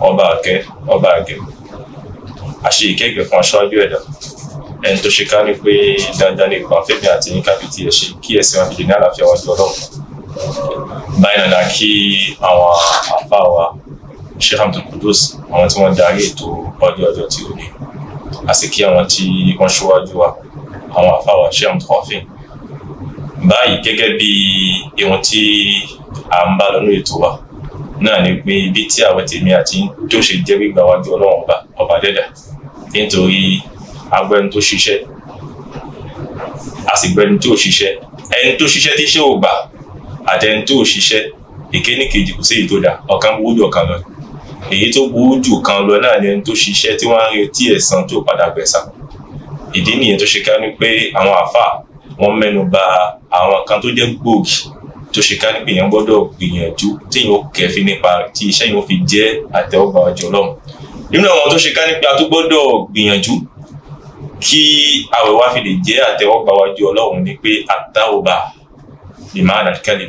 ọba àkẹ́ ọba àgẹ̀ àṣe ìkẹ́gbẹ̀ fún aṣáájú ẹ̀dá ẹni tó ṣe ká ní pé dandan ní ipa fẹ́mi àti ní kábíyèsí ẹ̀ ṣe kí ẹ̀sìn wọn fìdí ní àlàáfíà wájú ọlọ́run báyìí náà kí àwọn àfáà wa Sheikh Abdul àwọn tí wọ́n darí ètò ọjọ́ ọjọ́ tí ó ní a sì kí àwọn tí wọ́n ṣíwájú wa àwọn àfáwà ṣéun tọ́fìn báyìí gẹ́gẹ́ bí ohun tí a ń bá lọ́nà ètò wa náà ni pé ibi tí àwọn tèmi àti tó ṣe jẹ́ gbígbà wájú ọlọ́run ọba ọba dẹ́dà nítorí agbẹ́ni tó ṣiṣẹ́ a sì gbẹ́ni tó ṣiṣẹ́ ẹni tó ṣiṣẹ́ bas, à ò gbà àtẹni tó ṣiṣẹ́ ìkíní kejì kò sí èyí tó dà ọ̀kan gbúdọ̀ ọ̀kan lọ́dún èyí tó burú jù kan lọ náà ni ẹni tó ṣiṣẹ́ tí wọ́n ń retí ẹ̀san tó padà gbẹ̀san ìdí nìyẹn tó ṣe ká ní pé àwọn àáfàá wọ́n mẹ́nu ba àwọn kan tó jẹ́ gbòógì tó ṣe ká ní pé èèyàn gbọ́dọ̀ gbìyànjú téèyàn ó kẹ́fín nípa rẹ̀ tí iṣẹ́ yìí ó fi jẹ́ àtẹ́wọ́gbà ọjọ́ lọ́hùn nínú àwọn tó ṣe ká ní pé a tó gbọ́dọ̀ gbìyànjú kí àwẹ̀ wá fi lè jẹ́ àtẹ́wọ́gbà wájú ọlọ́run ni pé àtàwọ̀bà lè má àdàkálẹ̀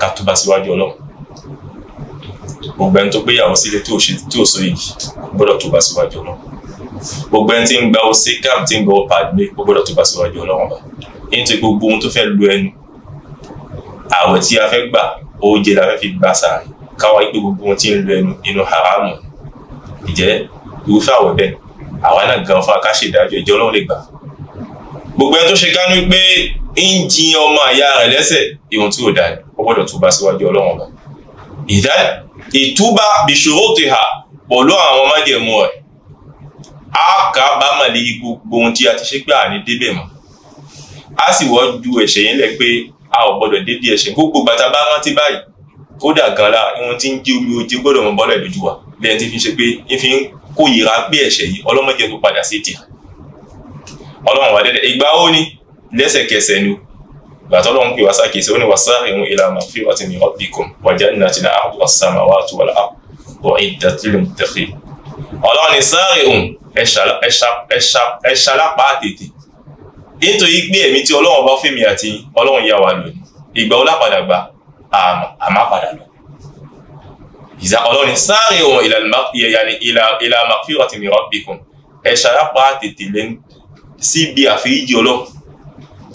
ká tó bá síwájú ọlọ́run gbogbo ẹni tó gbéyàwó sílé tí ò ṣe tí ò sọ yìí gbọ́dọ̀ tó bá síwájú ọlọ́run gbogbo ẹni tí ń gba ọsẹ káàp tí ń gba ọpa àgbẹ gbọ́dọ̀ tó bá síwájú ọlọ́run bá yín ti gbogbo ohun tó fẹ́ lu ẹnu àwẹ̀ tí a fẹ́ gbà oúnjẹ la fẹ́ fi gbà sàrà káwa yí pé gbogbo ohun tí ń lu ẹnu inú haramu ìjẹ́ irúfẹ́ àwẹ̀ bẹ́ẹ̀ àwa náà gan fún akáṣe ìdájọ́ ìjọ ọlọ́run lè gbà gbogbo ẹni tó ṣe gánú pé ń jiyàn ọmọ àyà rẹ̀ lẹ́sẹ̀ ìhun tí ò dáa ó tó bá síwájú ọlọ́run bá ìdá ìtúbà bìṣòro ti hà pẹ̀lú àwọn májẹ̀mú ẹ̀ á kà bá màlẹ́ gbogbo ohun tí a ti ṣe pé àní débẹ̀ mọ́ á sì wọ́ ju ẹ̀ṣẹ̀ yẹn lẹ̀ pé a ò gbọ́dọ̀ débi ẹ̀ṣẹ̀ gbogbo gbàtà bá rántí báyìí kódà gan la ohun tí ń jí omi ojú gbọ́dọ̀ mọ bọ́lẹ̀ lójú wa bí ẹni tí fi ṣe pé ń fi ń kó yìíra pé ẹ̀ṣẹ̀ yìí ọlọ́mọdé tó padà sí ti ọlọ́run wà dẹ́dẹ́ ìgbà ó ní lẹ́sẹ̀kẹsẹ̀ ni o gbàtọ́lọ́ ń pè wá sákèsí ó ní wasari'u ila magfiratin min rabbikum wa jannatin 'arduha as-samawati wal ardu u'iddat lil muttaqin ọlọ́run ní sari'u ẹ ṣalápá tètè nítorí pé ẹ̀mí tí ọlọ́run bá fẹ́mi àti ọlọ́run yá wa lónìí ìgbà olápadà gbà àmà padà lọ ìzà ọlọ́run sáré ohun ìlà magfiratin min rabbikum ẹ ṣalápá tètè lẹ́nu síbi àfíríjì ọlọ́run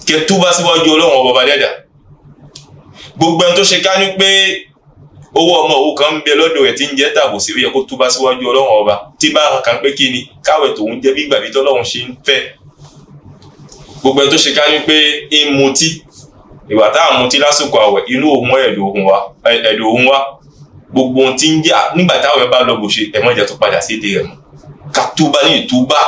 kẹ túbá síwájú ọlọ́run ọba dẹ́dà gbogbo ẹni tó ṣe ká ní pé owó ọmọ òwú kan ń bẹ lọ́dọ̀ rẹ̀ tí ń jẹ́ tàbò sí ó yẹ kó túbá síwájú ọlọ́run ọba tí bá kan pé kí ni káwẹ̀ tòun jẹ́ bí gbàgbé tọ́lọ́run ṣe ń fẹ́ gbogbo ẹni tó ṣe ká ní pé ń mutí ìwà tá à ń mutí lásìkò àwẹ̀ inú òun ẹ̀dùn òun wa ẹ̀dùn òun wa gbogbo ohun tí ń jà nígbà táwọn bá lọ bò ṣe ẹ̀mọ́ ìjà tó padà sí èdè rẹ̀ mọ́ ká túbá ní ìtúbá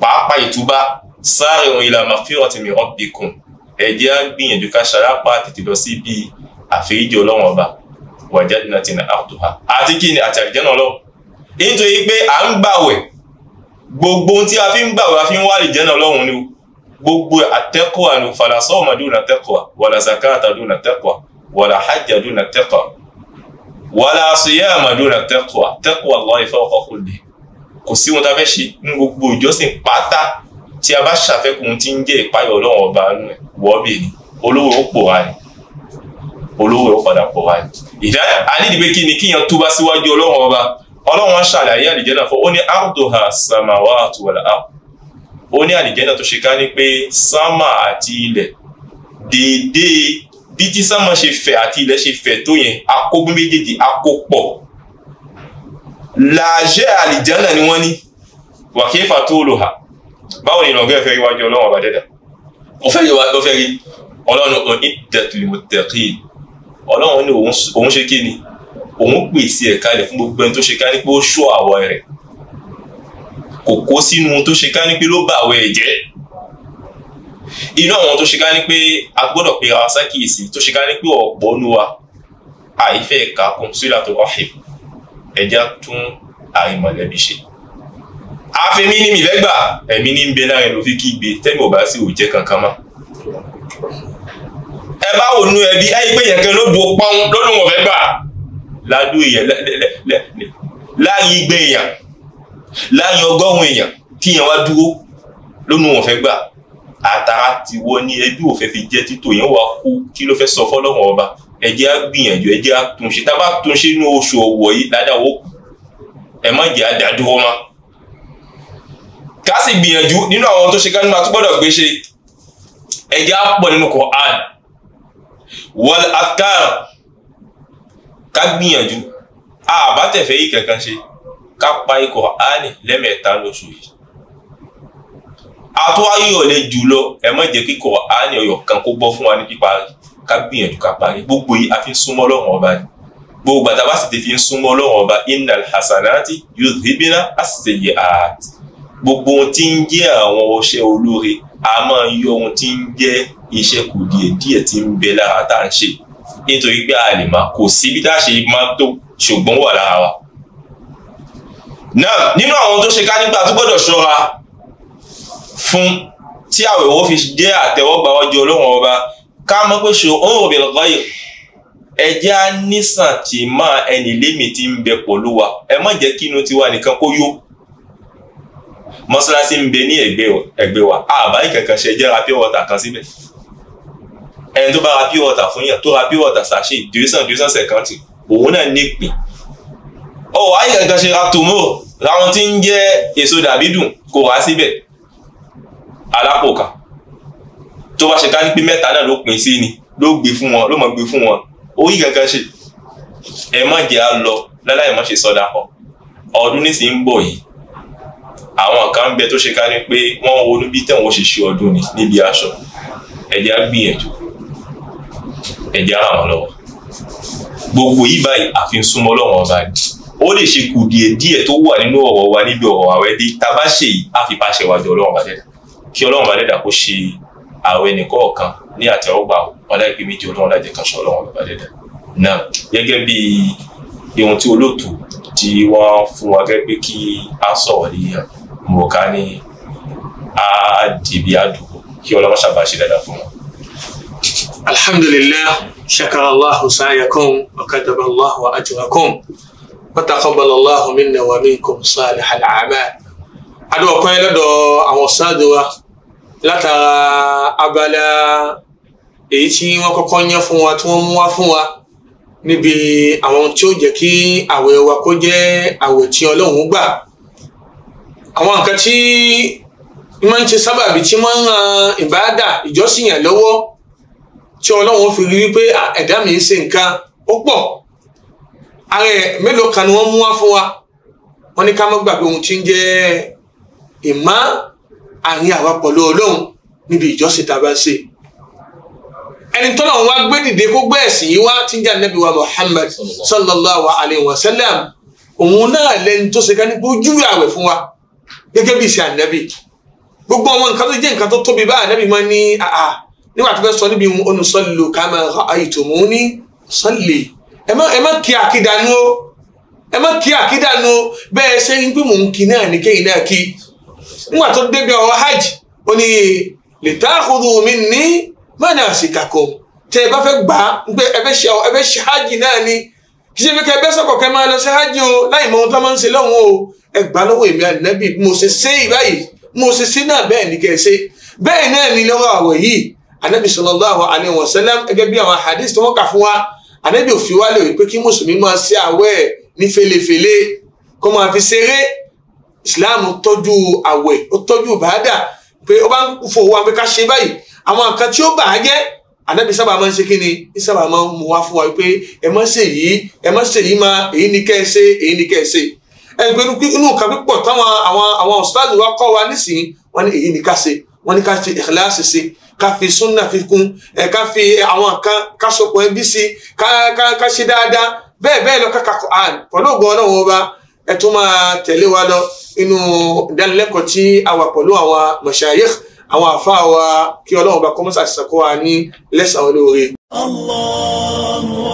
pàápàá ìtúbá sari'u ila maghfirati min rabbikum ẹ jẹ́ á gbìyànjú ká ṣarápá tètè lọ sí bíi àfẹ́yíjì ọlọ́run ọba wa jannatin arduha àti kí ni àti àlìjẹ́nà ọlọ́run nítorí pé à ń gbàwẹ̀ gbogbo tí a fi ń gbàwẹ̀ a fi ń wá àlìjẹ́nà ọlọ́run ni gbogbo àtẹ́kọ̀ọ́ àni fala sawma duna taqwa wala zakata duna taqwa wala hajja duna taqwa wala siyama duna taqwa taqwa Allahi fawqa kulli kò sí wọn ta fẹ́ ṣe ní gbogbo ìjọsìn pátá tí a bá ṣàfẹ́kùn tí ń jẹ́ ìpayọ̀ ọlọ́run ọba wọ́ọ̀bì ni olówó ó pòórá ni olówó ó padà pòórá ni ìdá ànídìí pé kí ni kíyan túbá síwájú ọlọ́run ọba ọlọ́run ṣàlàyé àlìjẹ́nà fún ó ní arduha samawatu wal ard ó ní àlìjẹ́nà tó ṣe ká ní pé sámà àti ilẹ̀ déédéé bí tí sámà ṣe fẹ̀ àti ilẹ̀ ṣe fẹ̀ tó yẹn akógún méjèèjì akópọ̀ làjẹ́ àlìjẹ́nà ni wọ́n ní wàkífà tó lò hà báwo ni ìrọ̀gẹ́ fẹ́ rí wájú ọlọ́run ọba dẹ́dà ó fẹ́ rí ó fẹ́ rí ọlọ́run ọ̀n ìdẹ̀tùlì mọ̀tẹ̀kì ọlọ́run ní òun ṣe kí ni òun pèsè ẹ̀ka ilẹ̀ fún gbogbo ẹni tó ṣe ká ní pé ó ṣó àwọ̀ rẹ̀ kò kó sínú tó ṣe ká ní pé ló bá àwọ̀ ẹ̀ jẹ́ inú àwọn tó ṣe ká ní pé a gbọ́dọ̀ pe ara sákìyèsí tó ṣe ká ní pé ọ̀pọ̀ nu wa àìfẹ́ ẹ̀ka kùn sílà tó wáhìm ẹ̀já tún àìmọ̀lẹ́bí ṣe àfẹ́mí ní mi fẹ́ gbà ẹ̀mí ní ń bẹ láàrin ló fi kí gbé tẹ́mi ò bá sí òjẹ́ kankan mọ́ ẹ bá wò nú ẹbí ẹ gbé yẹn kan lódò pọ́n lọ́dún wọn fẹ́ gbà ládùú èèyàn láàrin igbe èèyàn láàrin ọgọ́rùn-ún èèyàn kí èèyàn wá dúró lọ́dún wọn fẹ́ gbà àtàrà ti wọ ní ẹbí ò fẹ́ fi jẹ́ títò yẹn wà kú kí ló fẹ́ sọ fọ́lọ́run ọba ẹ jẹ́ á gbìyànjú ẹ jẹ́ túnṣe tá túnṣe inú oṣù ọ̀wọ̀ yìí ládàá wó ẹ má jẹ́ àdádúró máa ká sì gbìyànjú nínú àwọn tó ṣe ká nínú àtúgbọ́dọ̀ gbé ṣe ẹ̀jẹ̀ á pọ̀ nínú Quran wal afkar ká gbìyànjú àbátẹ̀fẹ́ yìí kankan ṣe ká pa Quran lẹ́mẹ̀ẹ́ta lóṣù yìí àtúwáyé ò lè jù lọ ẹ má jẹ́ kí Quran ọ̀yọ̀ kan kó bọ́ fún wa ní pípa ká gbìyànjú ká parí gbogbo yìí a fi ń súnmọ́ Ọlọ́run ọba ni gbogbo àtàbásìtì fi ń súnmọ́ Ọlọ́run ọba innal hasanati yudhibna as-sayyi'at gbogbo ohun tí ń jẹ́ àwọn ọṣẹ́ olóore a máa yọ ohun tí ń jẹ́ iṣẹ́ kù díẹ̀ díẹ̀ tí ń bẹ lára tá à ń ṣe nítorí pé a lè máa kò síbi tá a máa tó ṣùgbọ́n wà lára wa. náà nínú àwọn tó ṣe ká nígbà tó gbọ́dọ̀ ṣọ́ra fún tí àwẹ̀wò fi jẹ́ àtẹ̀wọ́gbà ọjọ́ ọlọ́wọ́n ọba ká mọ̀ pé ṣò ń rò bẹ̀rẹ̀ lọ́yẹ̀ ẹjẹ́ á nísàn tí máa ẹnì lémi ti ń bẹ pọ̀ ló wa ẹ má jẹ́ kí tiwa nìkan kó yó mọ́ṣáláṣí ń bẹ ní ẹ̀gbẹ́ wa àbá ìkẹ̀kẹ̀ ṣe jẹ́ ra pure water kan síbẹ̀ ẹni tó bá ra pure water fún yàn tó ra pure water sachet duration duration sẹ̀kántì òun náà ní ìpín ọ ayé kankan ṣe ra tòmó làwọn tí ń jẹ́ èso dàbí dùn kò wá síbẹ̀ alápò kan tó bá ṣe ká ní pé mẹ́ta náà ló pín sí ni ló gbé fún wọn ló mọ̀ gbé fún wọn orí kankan ṣe ẹ̀ má jẹ́ á lọ láláì má ṣe sọdá pọ̀ ọdún nísìnyí ń bọ̀ yìí àwọn kan ń bẹ tó ṣe ká ní pé wọ́n ń wonú bí tẹ̀wọ̀n ṣe ṣe ọdún ni níbi aṣọ ẹ̀jẹ̀ á gbìyànjú ẹ̀jẹ̀ á ràn wọ́n lọ́wọ́ gbogbo yìí báyìí àfi ń súnmọ́ lọ́wọ́ ọba ni ó lè ṣe kùdìẹ̀ díẹ̀ tó wà nínú ọ̀rọ̀ wa níbi ọ̀rọ̀ àwẹ̀ dé tá ṣe yìí á fi pàṣẹ wájú ọlọ́run bá kí ọlọ́run bá kó ṣe àwẹ̀ nìkọ̀ọ̀kan ní àtẹ̀wọ́gbà ọláìpé méjì ọlọ́run lájẹ kan ṣe ọlọ́run bá náà gẹ́gẹ́ bí ohun tí olóòtú tí wọ́n fún wa gẹ́gẹ́ pé kí á sọ̀rọ̀ nìyẹn mọ̀kání á dìbí àdùkú kí ọlọ́wọ́ sábà ṣe dáadáa fún wọn. alhamdulillah shakara Allah sa'yakum wa kataba allahu ajrakum wa taqabbala Allah minna wa minkum salihal a'mal. adúgbò kan yẹn lọ́dọ̀ àwọn sáàdù wa abala èyí tí wọ́n kọ́kọ́ yán fún wa tí wọ́n mú wá fún wa níbi àwọn tí ó jẹ́ kí àwẹ̀ wa kó jẹ́ àwẹ̀ tí Ọlọ́run gbà àwọn nǹkan tí máa ń ṣe sábàbí tí máa ń ran ìbáàdà ìjọsìn yẹn lọ́wọ́ tí ọlọ́run fi rí wípé ẹ̀dá mi ń ṣe nǹkan ó pọ̀ ara ẹ̀ mélòó kan ni wọ́n mú wá fún wa wọ́n ní ká má gbàgbé ohun tí ń jẹ́ ìmọ̀ àárín àwa pẹ̀lú ọlọ́run níbi ìjọsìn tá a bá ń ṣe ẹni tọ́lọ̀ wá gbé dìde kó gbé ẹ̀sìn yìí wá tí ń jẹ́ ànábì wa Muhammad sallallahu alayhi wa sallam òun náà lẹni tó ṣe ká ní kó júwe àwẹ̀ fún wa gẹ́gẹ́ bí ìṣe ànábì gbogbo àwọn nǹkan tó jẹ́ nǹkan tó tóbi bá ànábì máa ní àà nígbà tó fẹ́ sọ níbi onùsọ́lù kama ra'aytumuni usalli ẹ má kí àkídànú o ẹ má kí àkídànú o bẹ́ẹ̀ ṣe ń pè mò ń kí náà ní kéyìn náà kí nígbà tó débi ọ̀rọ̀ hajj ó ní litakhudhu minni manasikakum tẹ ẹ bá fẹ́ gbà á ẹ fẹ́ ṣe hajj náà ni kì í ṣe pé kẹ bẹ́sẹ̀ kọ̀kẹ́ máa lọ sí hajj o láì mọ ohun tó máa ń ṣe lọ́hùn o ẹ gbà lọ́wọ́ èmi ànábì mo ṣe ṣe ìbáyìí mo ṣe ṣe náà bẹ́ẹ̀ ni kẹ́ ṣe bẹ́ẹ̀ náà ni lọ́wọ́ àwẹ̀ yìí ànábì sallallahu alaihi wasallam gẹ́gẹ́ bí àwọn hadith tó wọ́n kà fún wa ànábì òfin wa lè rí pé kí mùsùlùmí máa ṣe àwẹ̀ ní felefele kó máa fi ṣeré islam tọ́jú àwẹ̀ ó tọ́jú bàádà pé ó bá ń fowó wa ṣe báyìí àwọn nǹkan tí ó bàá jẹ́ ànábì sábà máa ń ṣe kí ni ní sábà máa ń mú wá fún wa wípé ẹ má ṣe yìí ẹ má ṣe yìí máa èyí ni kẹ́ ẹ ṣe èyí ni kẹ́ ẹ ṣe ẹ gbé inú nǹkan pípọ̀ táwọn àwọn àwọn ọ̀sítáàlù wa kọ́ wa nísìnyí wọ́n ní èyí ni ká ṣe wọ́n ní ká fi ìkìláàsì ṣe ká fi súnà fi kún ẹ ká fi àwọn kan ká sopọ̀ ẹbí sí ká ká ká ṣe dáadáa bẹ́ẹ̀ bẹ́ẹ̀ lọ káka Quran ògbọ́n náà wọ́n àwọn àfáà wa kí ọlọ́run bá kọ́mọ́sà ṣàkóso ní lẹ́sàn-án olóore. Allahu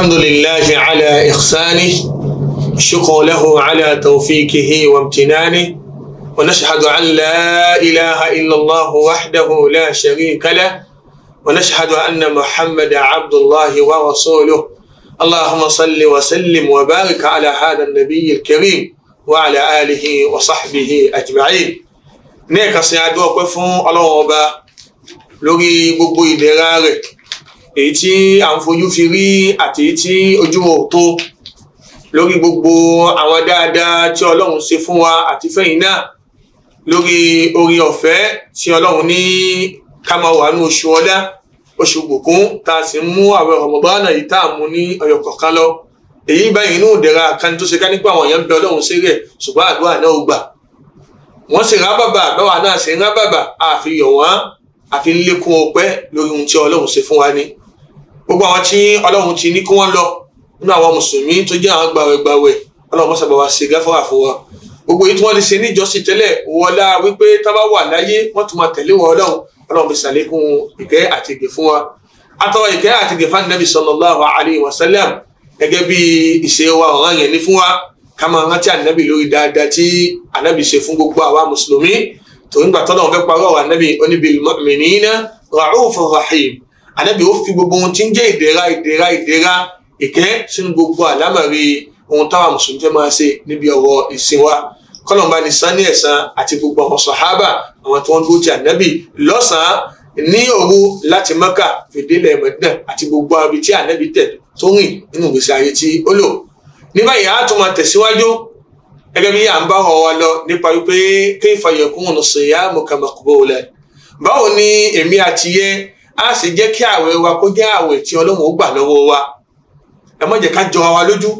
الحمد لله على إحسانه الشكر له على توفيقه وامتنانه ونشهد أن لا إله إلا الله وحده لا شريك له ونشهد أن محمد عبد الله ورسوله اللهم صل وسلم وبارك على هذا النبي الكريم وعلى آله وصحبه أجمعين نيكا سيادوك فون الله لوري بوبوي درارك èyí tí à ń fojú fi rí àti èyí tí ojú ò tó lórí gbogbo àwọn dáadáa tí ọlọ́run ṣe fún wa àti fẹ́yìn náà lórí orí ọ̀fẹ́ tí ọlọ́run ní ká máa wà ní oṣù ọlá oṣù gbòkún tá a sì ń mú àwọn Ramadan yìí tá a mú ní ọyọ kọ̀ọ̀kan lọ èyí báyìí inú ìdẹ̀ra kan tó ṣe ká nípa àwọn èèyàn bí ọlọ́run ṣe rẹ̀ ṣùgbọ́n àdúrà náà ó gbà wọ́n sì rábàbà báwa náà sì rábàbà àfihàn wọn àfi ń lékún ọpẹ́ lórí ohun tí Ọlọ́run ṣe fún wa ní gbogbo àwọn tí Ọlọ́run ti ní kí wọ́n lọ nínú àwọn mùsùlùmí tó jẹ́ àwọn gbàwẹ̀gbàwẹ̀ Ọlọ́run mọsà bàbá ṣe gáfárà fún wa gbogbo èyí tí wọ́n ti ṣe níjọsìn tẹ́lẹ̀ wọlá wípé tábà wà láyé wọ́n tún máa tẹ̀lé wọn Ọlọ́run Ọlọ́run fi ṣàlékún ìkẹ́ àti ìgè fún wa atọwọ ìkẹ́ àti ìgè fún anabi sallallahu alayhi wa sallam gẹ́gẹ́ bí ìṣe wa ọ̀ràn yẹn ní fún anabi lórí dáadáa tí tòǹgbà tọ́lọ́ wọn fẹ́ parọ́ ọ̀rọ̀ ànábì oníbil mu'minina ra'ufur rahim ànábì ó fi gbogbo ohun tí ń jẹ́ ìdẹ̀ra ìdẹ̀ra ìdẹ̀ra ìkẹ́ sínú gbogbo àlámàrí ohun táwa mùsùlùmí fẹ́ máa ṣe níbi ọ̀rọ̀ ìsìn wa kọ́lọ̀mbà ní sani ẹ̀sán àti gbogbo àwọn sàhábà àwọn tí wọ́n dúró ti ànábì lọ́sàn-án ní òru láti mọ́kà fìdílẹ̀ mẹ́tẹ̀ àti gbogbo abi tí ànábì tẹ̀ tó rìn nínú ìgbésí ayé tí ó lò ní báyìí a tún máa tẹ̀síwájú gẹ́gẹ́ bí à ń bá wọn wa lọ nípa wípé kayfa yakunu siyamu kama maqbula báwo ni èmi àti yẹ á sì jẹ́ kí àwẹ̀ wa kó jẹ́ àwẹ̀ tí Ọlọ́run ó gbà lọ́wọ́ wa ẹ má jẹ́ ká jọ wa lójú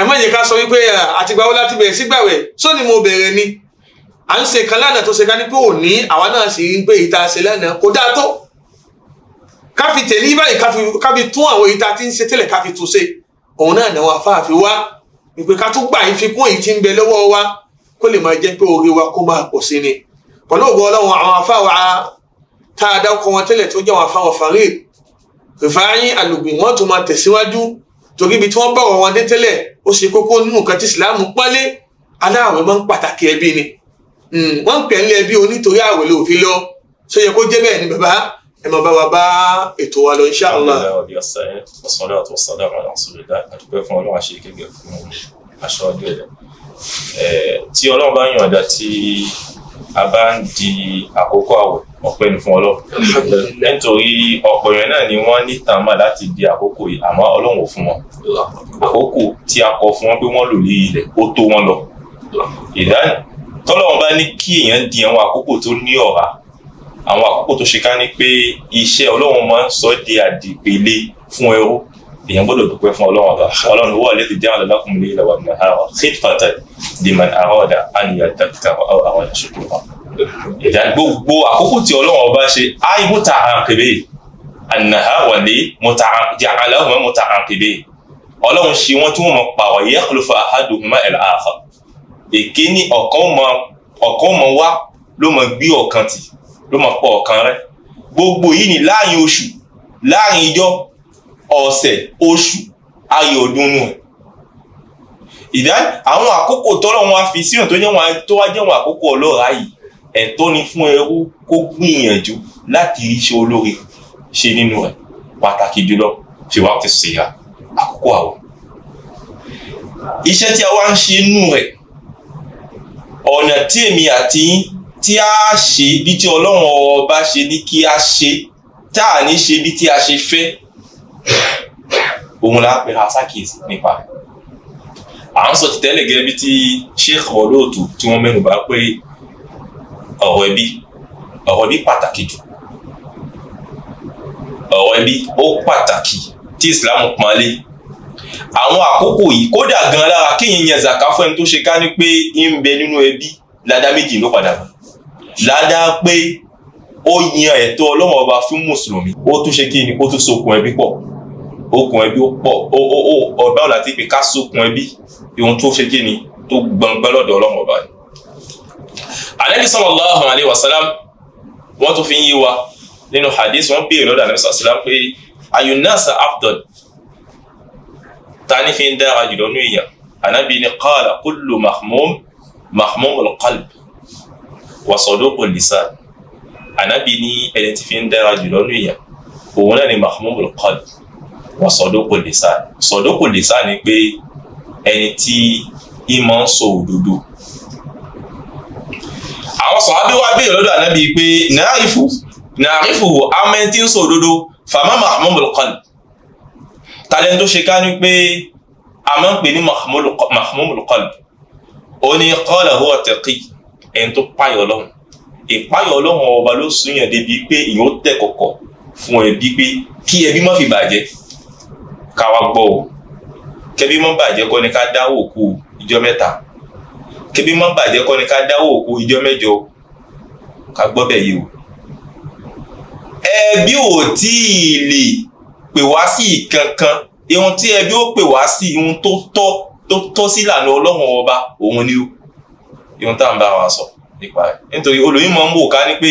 ẹ má jẹ́ ká sọ wípé àtìgbà wo láti bẹ̀rẹ̀ sí gbàwẹ̀ só ni mo bẹ̀rẹ̀ ni à ń ṣe kan lánàá tó ṣe ká ní pé òní àwa náà sì ń gbé ìta ṣe lánàá kó dáa tó ká fi tẹ̀lé báyìí ká fi tún àwọn ìta tí ń ṣe tẹ́lẹ̀ ká fi tún ṣe òun náà náà wà fáàfin wá ìpè ká tún gbà yín fi kún èyí tí ń bẹ lọ́wọ́ wa kó lè máa jẹ́ pé oore wa kó máa pọ̀ sí ni pẹ̀lú ògbó ọlọ́run àwọn afáwa tá a dákọ wọn tẹ́lẹ̀ tó jẹ́ àwọn afáwa fàárẹ̀ rìfáyín àlùgbì wọn tó máa tẹ̀síwájú torí ibi tí wọ́n bọ̀rọ̀ wọn dé tẹ́lẹ̀ ó ṣe kókó nínú nǹkan tí ìsìláàmù pọ́nlé aláàwẹ̀ máa ń pàtàkì ẹbí ni hmm, wọ́n ń pẹ̀lú ẹbí onítorí àwẹ̀ lòfin lọ ṣó yẹ kó jẹ́ bẹ́ẹ̀ ni bàbá ẹ máa bá wa bá ètò wa lọ insha Allah. àwọn ọ̀bí ọ̀sẹ̀ ọ̀sọ̀lá àti ọ̀sọ̀lá àwọn àṣọlẹ̀dá àdúgbò fún ọlọ́run àṣẹ gẹ́gẹ́ fún aṣọ ọdún ẹ̀ tí ọlọ́run bá yànda tí a bá ń di àkókò àwẹ̀ ọpẹ́ ni fún ọlọ́run nítorí ọ̀pọ̀ èèyàn náà ni wọ́n ní tàmà láti di àkókò yìí àmọ́ ọlọ́run ò fún wọn àkókò tí a kọ fún wọn pé wọ́n lò ní ilẹ̀ ó tó àwọn àkókò tó ṣe ká ní pé iṣẹ́ ọlọ́run máa ń sọ di àdìpele fún ẹrú èèyàn gbọ́dọ̀ dúpẹ́ fún ọlọ́run ọba ọlọ́run wọ́n lè ti jẹ́ àwọn ọlọ́kùnrin ní ìlàwọ̀ ní àwọn kíntàtà dìmọ̀ àwọn ọ̀dà àníyàn dàkítà àwọn ìṣòro wa. ìdá gbogbo àkókò tí ọlọ́run ọba ṣe áì múta àǹkèbè ànàhà wà ní múta àǹkèbè àlàhùnmá múta àǹkèbè ọlọ́run ṣe wọ́n tí ló mọ̀ pọ̀ ọ̀kan rẹ gbogbo yìí ni láàrin oṣù láàrin ijọ́ ọ̀sẹ̀ oṣù ayò ọdúnnù ẹ̀ ìdá àwọn àkókò tọ́lọ́run á fi síyàn tó wá jẹ́ àwọn àkókò ọlọ́ràá yìí ẹ̀tọ́ ni fún ẹrú kó gbìyànjú láti rí iṣẹ́ ṣe nínú rẹ̀ pàtàkì jùlọ fi wá ti ṣe ra àkókò àwọ̀ iṣẹ́ tí a wá ń ṣe nínú rẹ̀ ọ̀nà tí èmi àti yín tí a ṣe bí tí ọlọ́run ọba ṣe ní kí a ṣe tá a ní ṣe bí tí a ṣe fẹ́ òun là ń pera sákìyèsí nípa rẹ̀ à ń sọ tìtẹ́lẹ̀ gẹ́gẹ́ bí tí sheikh olóòtú tí wọ́n mẹ́nu bà pé ọ̀rọ̀ ẹbí ọ̀rọ̀ ẹbí pàtàkì jù ọ̀rọ̀ ẹbí ó pàtàkì tí islam pọ́nlé àwọn àkókò yìí kódà gan lára kéèyàn yẹn zaka fún ẹni tó ṣe ká ní pé ń bẹ nínú ẹbí ládá méjì ló padà bọ̀ ládàá pé ó yan ẹ̀tọ́ ọlọ́wọ́n ọba fún mùsùlùmí ó tún ṣe kí ni ó tún sokùn ẹbí pọ̀ okùn ẹbí ó pọ̀ ó ó ó ọ̀bá ọ̀la ti pè ká sokùn ẹbí ohun tó ṣe kí ni tó gbọngbẹ́ lọ́dọ̀ ọlọ́wọ́n ọba ni. Ànábì sallallahu alaihi wasallam wọ́n tún fi ń yí wa nínú hadith wọ́n béèrè lọ́dọ̀ Ànábì sallallahu alaihi wasallam pé ayunasa abdul ta fi ń dára jùlọ nú èèyàn Ànábì ni qala kullu mahmum mahmum al wàsọdọkọ lisa anabi ní ẹni tí fi ń dára jùlọ nù yẹn òun náà ni mahmudul qadi wàsọdọkọ lisa sọdọkọ lisa ni pé ẹni tí ìmọ̀ ń sọ òdodo àwọn sọ̀hábí wá béèrè lọ́dọ̀ ànábì pé nàárífù nàárífù amẹ́ni tí ń sọ òdodo fàmá mahmudul qadi tàlẹ́ tó ṣe pé a máa ń pè ní mahmudul qadi ó ní qala huwa taqi ẹni tó páyọ̀ ọlọ́run ìpáyọ̀ ọlọ́run ọba ló súnyàn débi pé ìyẹn ó tẹ̀ kọ̀kọ̀ fún ẹbí pé kí ẹbí má fi bàjẹ́ káwa gbọ́ o kẹbí má bàjẹ́ kọ́ ni ká dáwọ́ òkú ìjọ mẹ́ta kẹbí má bàjẹ́ kọ́ ni ká dáwọ́ òkú ìjọ mẹ́jọ ká gbọ́ bẹ̀ yìí o ẹbí ò tí ì lè pè wá sí ìkankan ihun tí ẹbí ó pè wá sí ihun tó tọ́ tó tọ́ sí ìlànà ọlọ́run ọba òun ni o ihun tá à ń bá wa sọ nípa rẹ̀ nítorí olóyìnbọn ń wò ká ní pé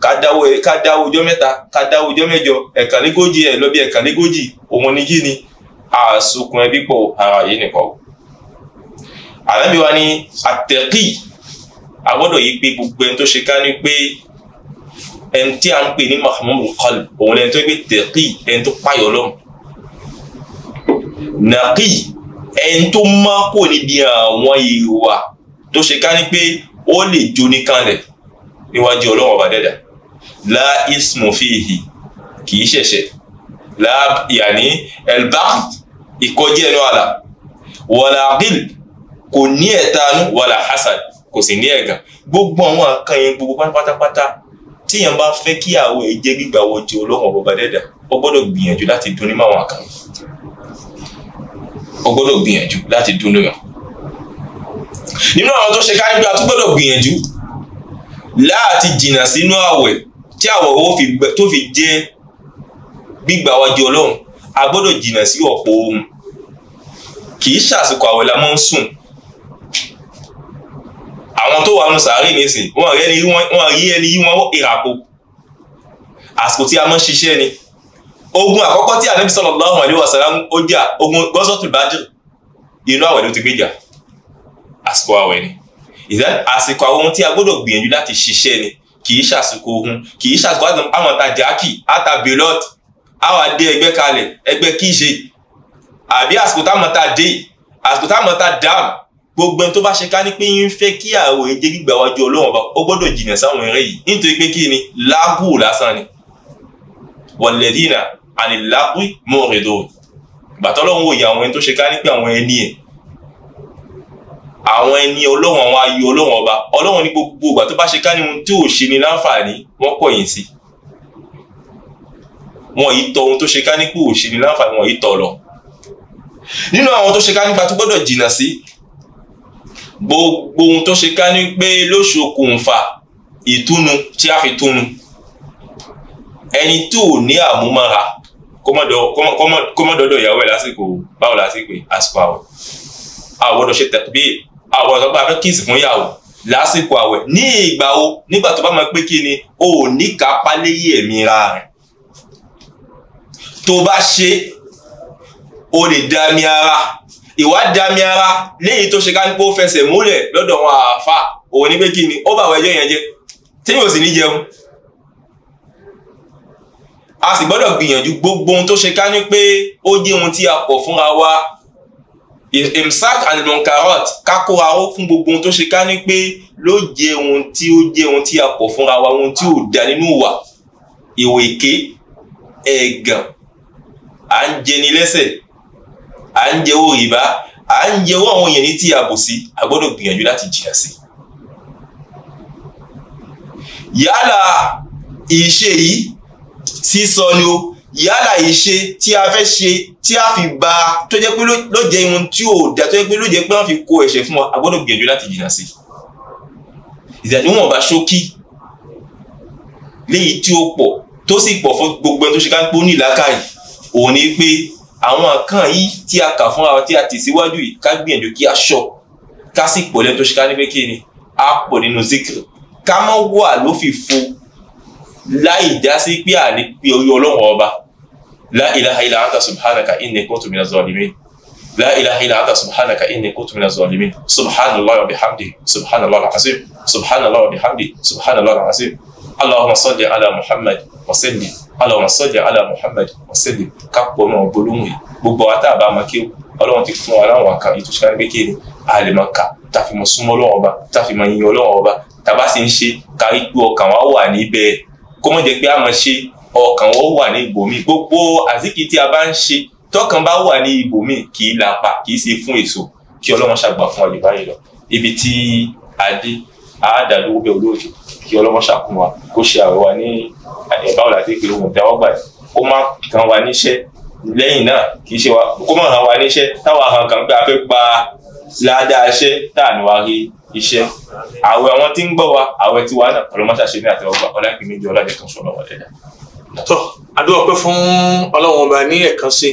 ká dáwọ́ ká dáwọ́ ọjọ́ mẹ́ta ká dáwọ́ ọjọ́ mẹ́jọ ẹ̀kànlélógójì ẹ̀ lọ bí ẹ̀kànlélógójì òun ni kí ni àsokùn ẹbí pọ̀ ara yìí nìkan o àlẹ́bí wa ni àtẹ̀kì agbọ́dọ̀ yìí pé gbogbo ẹni tó ṣe ká ní pé ẹni tí a ń pè ní mahmudu qalb òun lẹni tó gbé tẹ̀kì ẹni tó páyọ̀ lọ́mù nàkì ẹni tó má kò níbi àwọn ìwà tó ṣe ká ní pé ó lè jóni kanlẹ̀ níwájú ọlọ́run ọba dẹ́dà la ismu fihi kì í ṣẹ̀ṣẹ̀ la yàní elbaq ìkọjẹ́ ẹnu àlà wàlà bil kò ní ẹ̀tanú wàlà hasad kò sì ní ẹ̀gàn gbogbo àwọn nǹkan yẹn gbogbo pátápátá tíyàn bá fẹ́ kí àwọ̀ ẹ̀ jẹ́ gbígbà wọjú ọlọ́run ọba dẹ́dà ó gbọ́dọ̀ gbìyànjú láti dún ní máwọn àkàn ó gbọ́dọ̀ gbìyànjú láti dún ní wọn nínú àwọn tó ṣe kárí pé a tún gbọ́dọ̀ gbìyànjú láti jìnnà sínú àwẹ̀ tí àwọ̀ owó tó fi jẹ́ gbígbà wájú ọlọ́run a gbọ́dọ̀ jìnnà sí ọ̀pọ̀ ohun kì í ṣàsìkò àwẹ̀ la máa ń sùn àwọn tó wà nù sàárè nìsín wọn rí ẹni yí wọn ìràpò àsìkò tí a máa ń ṣiṣẹ́ ni ogun àkọ́kọ́ tí ànábì sallallahu alaihi wasallam ó jà ogun gọ́sọ̀tù Badr inú àwẹ̀ ló ti gbéjà àsìkò àwẹ̀ ni àsìkò àwọn ohun tí a gbọ́dọ̀ gbìyànjú láti ṣiṣẹ́ ni kì í ṣàsìkò ogun kì í ṣàsìkò àwọn àtàjákì àtàbílọ́ọ̀tì àwọn adé ẹgbẹ́ kalẹ̀ ẹgbẹ́ kíṣe àbí àsìkò táwọn ta dé àsìkò táwọn ta dáàmù gbogbo ẹni tó bá ṣe ká ní pé yín fẹ́ kí àwọ̀ èdè gbígbà wájú ọlọ́run ọba ó gbọ́dọ̀ jìnà sáwọn eré yìí nítorí pé kí ni láàbù lásán ni walladhina àní láàbù mọ́ ọ̀rẹ́dọ̀ gbàtọ́ ẹni tó ṣe ká ní pé àwọn ẹni yẹn àwọn ẹni ọlọ́wọ̀n wọn ayọ̀ ọlọ́wọ̀n ọba ọlọ́wọ̀n ní gbogbo ìgbà tó bá ṣe káni tí ò ṣe ni láǹfààní wọ́n kọ̀yìn sí wọn yìí tọ ohun tó ṣe káni pé ò ni láǹfààní wọn yìí tọ lọ nínú àwọn tó ṣe káni pa tó gbọ́dọ̀ jìnnà sí gbogbo ohun tó ṣe káni pé lóṣokùnfà ìtúnu tí a fi túnu ẹni tó ní àmúmára kọ́mọ́dọ́dọ̀ ìyàwó ẹ̀ lásìkò báwo lásìkò àsìkò àwọ̀ àwọ̀dọ̀ ṣe tẹ̀kbíyè àwọn ọ̀sán gbà fẹ́ kíìsì fún ìyàwó lásìkò àwẹ̀ ní ìgbà wo nígbà tó bá mọ̀ pé kí ni o ò ní ká páléyé ẹ̀mí ra rẹ̀ tó bá ṣe o lè dami ara ìwà dami ara léyìí tó ṣe ká ní kó fẹsẹ̀ múlẹ̀ lọ́dọ̀ àwọn àáfà òun ní pé kí ni ó bá àwọn ẹjọ́ yẹn jẹ tí yóò sì ní jẹun a sì gbọ́dọ̀ gbìyànjú gbogbo ohun tó ṣe ká ní pé ó jẹ́ ohun tí a kọ̀ fúnra wa imsak alimonkarot kákóra ó fún gbogbo ohun tó ṣe ká ní pé ló jẹ ohun tí ó jẹ ohun tí a kọ̀ fúnra wa ohun tí ò da nínú wa ìwò èké ẹ̀gàn à ń jẹni lẹ́sẹ̀ à ń jẹ owó rìbá à ń jẹ owó àwọn èèyàn ní tí a bò sí a gbọ́dọ̀ gbìyànjú láti jìyà sí. yálà ìṣe yìí sísọ o yálà ìṣe tí a fẹ́ ṣe tí a fi ba tó jẹ́ pé ló jẹ́ irun tí ò dá tó jẹ́ pé ló jẹ́ pé wọ́n fi kó ẹ̀ṣẹ̀ fún wa a gbọ́dọ̀ gbìyànjú láti jìnnà sí ìdàdí wọn bá ṣókí léyìí tí ó pọ̀ tó sì pọ̀ fún gbogbo ẹni tó ṣe ká ń pọ́ ní ìlàkàyè òun ni pé àwọn nǹkan yìí tí a kà fún àwọn tí a tì síwájú yìí ká gbìyànjú kí a ṣọ ká sì pọ̀ lẹ́nu tó ṣe ká ní pé kí ni a pọ̀ nínú zikr ká má wà lófìfo láì já sí pé àní pé oyún ọlọ́run ọba la ilaha illa anta subhanaka inni kuntu minaz zalimin la ilaha illa anta subhanaka inni kuntu minaz zalimin subhanallahi wa bihamdihi subhanallahi al-azim subhanallahi wa bihamdihi subhanallahi al-azim allahumma salli ala muhammad wa sallim allahumma salli ala muhammad wa sallim kápọ̀ náà gbólóhùn yìí gbogbo wa tá a bá máa kí ọlọ́run ti fún wa láwọn àkà ètò ìṣẹ́ká nígbè kéde a lè máa kà tá a fi mọ súnmọ́ Ọlọ́run ọba tá a fi mọ yìn Ọlọ́run ọba tá a bá sì ń ṣe kárí pé ọkàn wa wà níbẹ̀ kó mọ̀ jẹ́ pé a máa ṣe ọkàn wọn wà ní ibòmíì gbogbo àzíkì tí a bá ń ṣe tọkàn bá wà ní ibòmíì kì í lapa kì í ṣe fún èso kí ọlọ́run ṣàgbà fún ọyẹ báyìí lọ ibi tí a dé a dàdúró bẹ olóòjò kí ọlọ́run ṣàkún wa kó ṣe àwẹ̀ wa ní àyẹ̀bá ọ̀la tí pé ohun ìdáwọ́gbà kó má kàn wá níṣẹ́ lẹ́yìn náà kì í ṣe wa kó má hàn wá níṣẹ́ táwa hàn kàn pé a fẹ́ pa ládàá iṣẹ́ tá à ní wá rí iṣẹ́ àwẹ̀ àwọn tí ń gbọ́ wa àwẹ̀ tiwa náà ọlọ́mọṣàṣe ní àtẹwọ́gbà ọlá ìpínlẹ̀ ọlá ìdẹ́tọ̀ sọ̀rọ̀ tọ́ adúlọ́ ọpẹ́ fún ọlọ́run ọba ní ẹ̀kan sí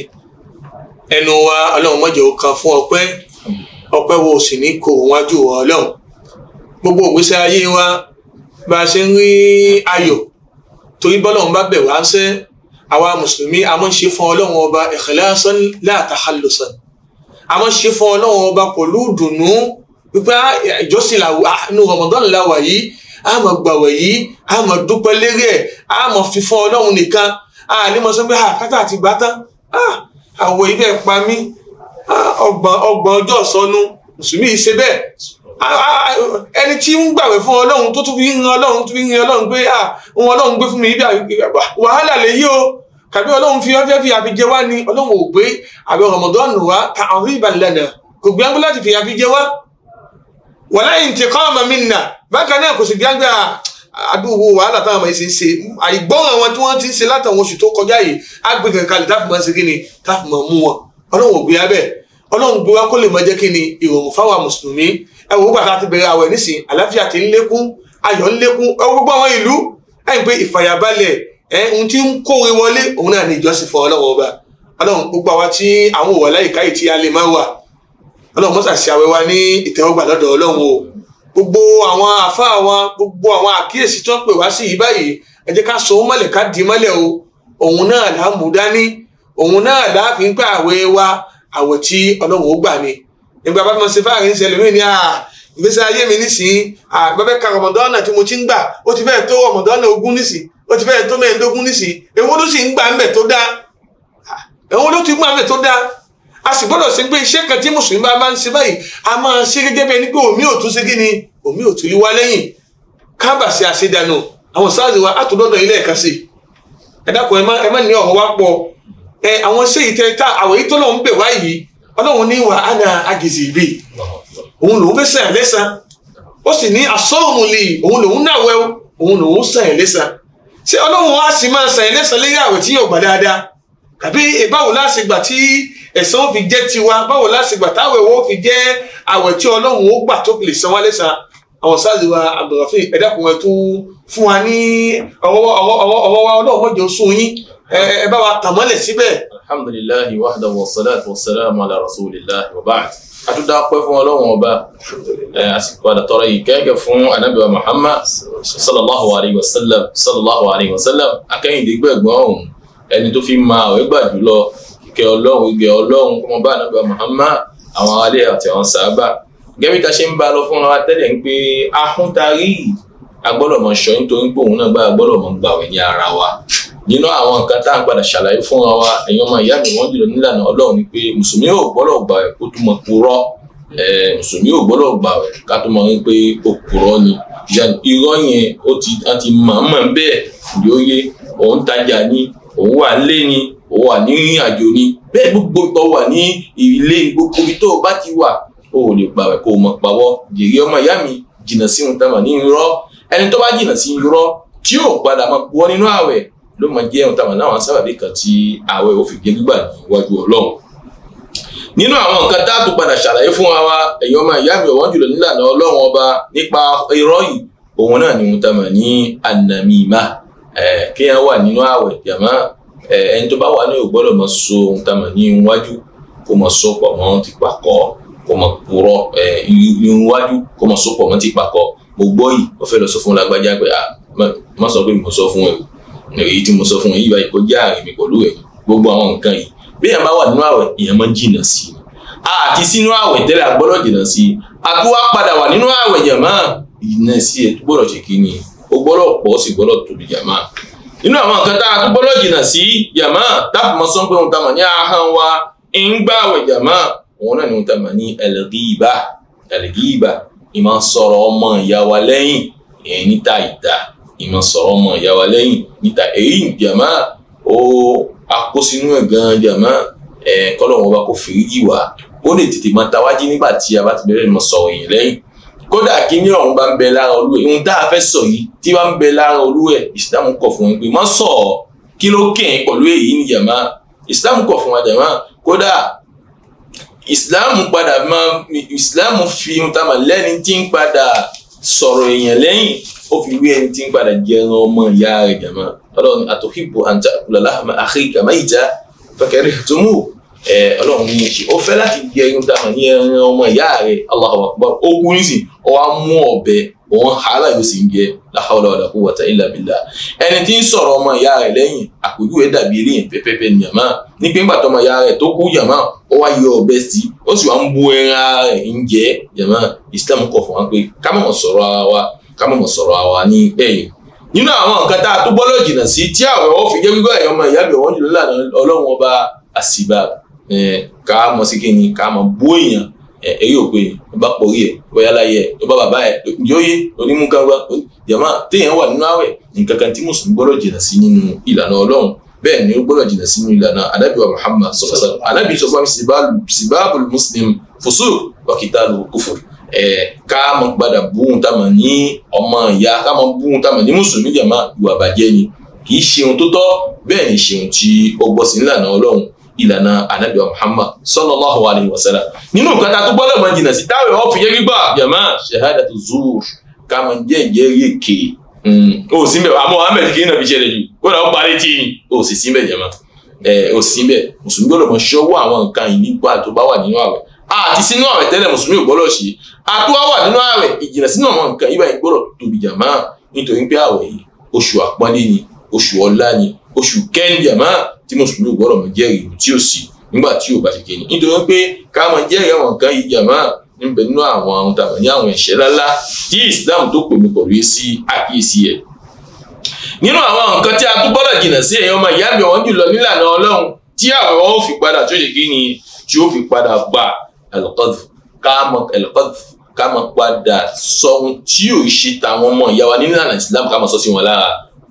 ẹnu wa ọlọ́run mọ́jọ kan fún ọpẹ́ ọpẹ́ wo sì ní kò wájú ọlọ́run gbogbo ògbésí ayé wa bá a ṣe ń rí ayọ̀ torí bọ́lọ́run bá bẹ̀ wá ń sẹ́ àwa mùsùlùmí a máa ń ṣe fún ọlọ́run ọba ikhlasan la takhallusan a máa ń ṣe fún ọlọ́run ọba pẹ̀lú dùnú wípé ah, ìjọsìn inú Ramadan la yìí a máa gbàwẹ̀ yìí a máa dúpẹ́ lérí ẹ̀ a máa fi fún ọlọ́run nìkan a ní mo sọ pé àkátà àti ìgbà tán àwọ̀ ibẹ̀ pa mí ọgbọ̀n ọjọ́ sọnù mùsùlùmí yìí ṣe bẹ́ẹ̀ ẹni tí ń gbàwẹ̀ fún ọlọ́run tó tún fi ń ran ọlọ́run tó fi ń ran ọlọ́run pé òun ọlọ́run gbé fún mi ibi wàhálà lè yí o kàbí ọlọ́run fi ọ́fẹ́ fi àfijẹ wá ni ọlọ́run ò gbé àbẹ̀ Ramadan wá ta àwọn ìbànlẹ̀ náà kò gbé láti fi àfijẹ wá wala intiqama minna bákan náà kò sì gbàgbà àdúgbò wàhálà táwọn ọmọ yìí ṣe ń ṣe àìgbọ́ràn wọn tí wọ́n ti ń ṣe látàwọn oṣù tó kọjá yìí agbègbè kalẹ̀ táfùmọ̀ ṣe kí ni táfùmọ̀ mú wọn ọlọ́run ò gbé abẹ́ ọlọ́run gbé wa kó lè máa jẹ́ kí ni ìrọ̀rùn fáwọn mùsùlùmí ẹ wò gbàgbà ti bẹ̀rẹ̀ àwẹ̀ nísìn àlàáfíà ti ń lékún ayọ̀ ń lékún ẹ wò gbogbo àwọn ìlú ẹ̀yìn pé ìfàyàbalẹ̀ ẹ̀ ń tí ń kóore wọlé òun náà ni ìjọsìn fún ọlọ́run ọba ọlọ́run gbogbo àwa tí àwọn òwò aláìkáyì tí a lè máa wà ọlọ́run mọ́sà sí àwẹ̀ wa ní ìtẹ́wọ́gbà lọ́dọ̀ ọlọ́run o gbogbo àwọn àfa wọn gbogbo àwọn àkíyèsí tó ń pè wá sí yìí báyìí ẹ jẹ́ ká so ó mọ́lẹ̀ ká di mọ́lẹ̀ o òun náà là á mú dání òun náà là á fi ń pẹ́ àwẹ̀ wa àwẹ̀ tí ọlọ́run ó gbà ni nígbà bá fi mọ̀ sí fáàrin ìṣẹ̀lẹ̀ mi ni ìgbésí ayé mi nísìnyí àbẹ́bẹ́ ka rọmọdọ́nà tí mo ti ń gbà ó ti fẹ́ẹ̀ tó rọmọdọ́nà ogún nísìnyí ó ti fẹ́ẹ̀ tó mẹ́ẹ̀ẹ́dógún nísìnyí èwo ló sì ń gbà ń bẹ̀ tó dáa èwo ló ti gbà ń bẹ̀ tó dáa a sì gbọ́dọ̀ sí pé iṣẹ́ kan tí mùsùlùmí bá máa ń ṣe báyìí a máa ṣe gẹ́gẹ́ bí ẹni pé omi ò tún ṣe kí ni omi ò tún rí wá lẹ́yìn kábà sí àṣedànù àwọn sáàzì wa àtúndọ̀dọ̀ ilé ẹ̀ka sí ẹ dákun ẹ má ní ọ̀rọ̀ wá pọ̀ ẹ àwọn iṣẹ́ yìí tẹ́ta àwọn èyí tó lọ́wọ́ ń bẹ̀ wá ọlọ́run ní wà á na agèzè ìbí òun lòun fẹ́ sàn lẹ́sàn ó sì ní asọ́ọ̀mù lè òun lòun náà wẹ́ òun lòun ẹ̀san ó fi jẹ́ tiwa báwo lásìgbà táwẹ̀ wo fi jẹ́ àwẹ̀ tí ọlọ́run ó gbà tó lè san wá lẹ́san àwọn sáàzì wa abdulrafi ẹ̀dàkùn ẹ̀ tún fún wa ní ọwọ́ wa ọlọ́run mọ̀jọ sún yín ẹ bá wa tàn mọ́lẹ̀ síbẹ̀. alhamdulilayi wahda wa salatu wa salam ala rasulillahi wa ba'd àtúndà pẹ́ fún ọlọ́run ọba àsìkò àdàtọ́rọ̀ yìí kẹ́kẹ́ fún anábìwá muhammad sallallahu alayhi wa sallam sallallahu alayhi wa sallam akẹ́yìndé gbẹ̀gbọ́n ọ̀hún ẹni tó fi máa ọ̀ẹ́gbà jùlọ ìkẹ́ ọlọ́run ìgẹ̀ ọlọ́run kó mọ bá ànábà Muhammad àwọn aráalé àti àwọn sàábà gẹ́gẹ́ bí ta ṣe ń bá lọ fúnra wa tẹ́lẹ̀ ń pé ahun ta rí agbọ́dọ̀ mọ̀ ṣọ́ nítorí pé òun náà gbá agbọ́dọ̀ mọ̀ gbàwẹ̀ ní ara wa nínú àwọn nǹkan tá à ń padà ṣàlàyé fúnra wa ẹ̀yin ọmọ ìyá mi wọ́n jùlọ nílànà ọlọ́run ni pé mùsùlùmí ò gbọ́dọ̀ gbàwẹ̀ kó tún mọ̀ purọ́ mùsùlùmí ò gbọ́dọ̀ gbàwẹ̀ ká tó mọ̀ pé ó purọ́ ni irọ́ yẹn ó ti mọ̀ọ́mọ̀ bẹ́ẹ̀ yóò yé òun tajà ni òun wà lé ni ó wà ní àjò ni bẹ́ẹ̀ gbogbo tó wà ní ilé gbogbo ibi tó o bá ti wà o ò lè gbàwẹ̀ kó o mọ̀ pàwọ́ jèrè ọmọ ìyá mi jìnnà sí ohun táwọn ní irọ́ ẹni tó bá jìnnà sí irọ́ tí yóò padà máa bu ọ nínú àwẹ̀ ló máa jẹ́ ohun táwọn náà sábàbí kan tí àwẹ̀ ò fi gé gbígbà níwájú Ọlọ́run nínú àwọn nǹkan tá a tún padà ṣàlàyé fún wa ẹ̀yin ọmọ ìyá mi ọ̀wọ́n jùlọ nílànà Ọlọ́run ọba nípa irọ́ yìí òun náà ni mo ta mọ̀ ní ànàmìmá kéèyàn wà nínú àwẹ̀ jàmá ẹni tó bá wà ní ògbọ́dọ̀ mọ̀ so ohun tá a mọ̀ ní iwájú kó mọ̀ so pọ̀ mọ́ ti pàkọ́ kó mọ̀ purọ́ iwájú kó mọ̀ so pọ̀ mọ́ ti pàkọ́ mo gbọ́ yìí mo fẹ́ lọ sọ fún lágbájá pé má sọ pé mo sọ fún ẹ èyí tí mo sọ fún ẹ yíyá ìkọjá àrùn mi pẹ̀lú ẹ gbogbo àwọn nǹkan yìí bí èèyàn bá wà nínú àwẹ̀ èèyàn máa ń jìnnà sí i àti sínú àwẹ̀ tẹ́lẹ̀ àgbọ́dọ̀ jìnnà sí i àtúwá padà wà nínú àwẹ̀ jàmáà ìjìnnà sí ẹ gbọ́dọ̀ ṣe kí ni o gbọ́dọ̀ pọ̀ sí gbọ́dọ̀ tóbi jàmáà inú àwọn nǹkan tá a tó gbọ́dọ̀ jìnnà sí jàmá dáfùmọ́ sọ pé òun ta ní ahọ́n wa ń gbààwẹ̀ jàmá òun náà ni òun ta mọ̀ ní ẹlẹ́gìíbà ẹlẹ́gìíbà ìmọ̀ sọ̀rọ̀ ọmọ ìyá wa lẹ́yìn èyí níta ìta ìmọ̀ sọ̀rọ̀ ọmọ ìyá wa lẹ́yìn níta èyí jàmá ó akósínú gan jàmá ẹ̀ kọ́lọ̀ wọn bá kó fìrí jì lè tètè máa tawájí nígbà tí a bá ti bẹ̀rẹ̀ mọ̀ sọ̀rọ̀ kódà kí ní ọ̀run bá ń bẹ lára olú ẹ̀ ohun tá a fẹ́ sọ yìí tí bá ń bẹ lára olú ẹ̀ Islam kọ̀ fún wọn pé má sọ ọ́ kí ló kẹ́yìn pẹ̀lú èyí ní jàmá Islam kọ̀ fún wa jàmá kódà Islam padà máa Islam fi ohun tá a mọ̀ lẹ́ni tí ń padà sọ̀rọ̀ èèyàn lẹ́yìn ó fi wí ẹni tí ń padà jẹran ọmọ ìyá rẹ̀ jàmá ọlọ́run àtòkìbò àǹtà kùlà láhàmà àkíkà máyìjà fẹkẹrẹ tó mú ọlọ́run ní í ṣe ó fẹ́ láti jẹ irun dáná ní ẹran ọmọ ìyá rẹ̀ Allahu Akbar ó kú nísìn wá mú ọ̀bẹ òun hàrà yóò sì ń jẹ la hawla wala quwwata illa billah ẹni tí ń sọ̀rọ̀ ọmọ ìyá rẹ̀ lẹ́yìn àpèjúwe dàbí eléyìn pẹ́pẹ́pẹ́ nìyàmá ní pé ńgbà tọmọ ìyá rẹ̀ tó kú yàmá ó wá yọ ọ̀bẹ sí ó sì wá ń bu ẹran rẹ̀ ń jẹ yàmá Islam kọ̀ fún wa pé ká mọ̀ sọ̀rọ̀ ara wa ká mọ̀ sọ̀rọ̀ ara wa ní ẹ̀yìn nínú àwọn nǹkan tá a tó gbọ́dọ̀ jìnnà sí tí àwọn ọ̀fìn jẹ́ gbígbọ́ ẹ̀yọ́ ìyá mi wọ́n jùlọ lànà ọlọ́run ọba àṣìbáàbù ká mọ sí kíni ká mọ bú èèyàn eré òpin ló bá porí ẹ bóyá láyé ẹ ló bá bàbá ẹ yóyé onímúkàwá yàmá téèyàn wà nínú àwẹ̀ nǹkan kan tí mùsùlùmí gbọ́dọ̀ jìnnà sí nínú ìlànà Ọlọ́run bẹ́ẹ̀ ni ó gbọ́dọ̀ jìnnà sínú ìlànà anábìwá Muhammad sọfọsọ anábì sọ fún mi sibabu muslim fusuq wa qitalu kufur ẹ ká mọ gbàdà bùn tàmà ní ọmọ ìyá ká mọ bùn tàmà ní mùsùlùmí jàmá ìwà bàjẹ́ ni kì í ṣeun tó tọ́ bẹ́ẹ̀ ni ṣeun tí ó gbọ́ sí ńlànà Ọlọ́run ìlànà anabi muhammad sallallahu alayhi wa sallam nínú nǹkan tá a tó gbọ́dọ̀ máa jìnnà sí táwọn ọ̀fi yẹn gbígbà yàmá shahadatu zuur ká máa jẹ́ ìjẹ́ rí èké hmm. o sì ń bẹ̀ àmọ́ ahmed kì í nà fi ṣẹlẹ̀ jù kó náà ó parí tí o sì sí bẹ̀ yàmá ẹ ò sí bẹ mùsùlùmí gbọ́dọ̀ mọ ṣọwọ́ àwọn nǹkan ìnígbà tó bá wà nínú ààwẹ̀ àti sínú ààwẹ̀ tẹ́lẹ̀ mùsùlùmí ò gbọ́dọ̀ oṣù ọlá ni oṣù kẹ́ńdìàmá tí mùsùlùmí gbọ́dọ̀ mọ̀ jẹ́rìí tí ó sì nígbà tí ò bá ṣe kéènì nítorí pé ká mọ̀ jẹ́rìí àwọn kan yìí jàmá níbẹ̀ nínú àwọn ohun tàbí ní àwọn ẹ̀ṣẹ̀ lálá tí Islam tó pè mí pọ̀lú yé sí àkíyèsí ẹ̀ nínú àwọn nǹkan tí a tún gbọ́dọ̀ jìnnà sí ẹ̀yọ́ ọmọ ìyá mi ọ̀hún jùlọ nílànà Ọlọ́run tí àwọn ó fi padà tó ṣe ni tí ó fi padà gba ẹ̀lọ́kọ́dù ká mọ̀ padà sọ ohun tí ò ṣe Islam ká mọ̀ sọ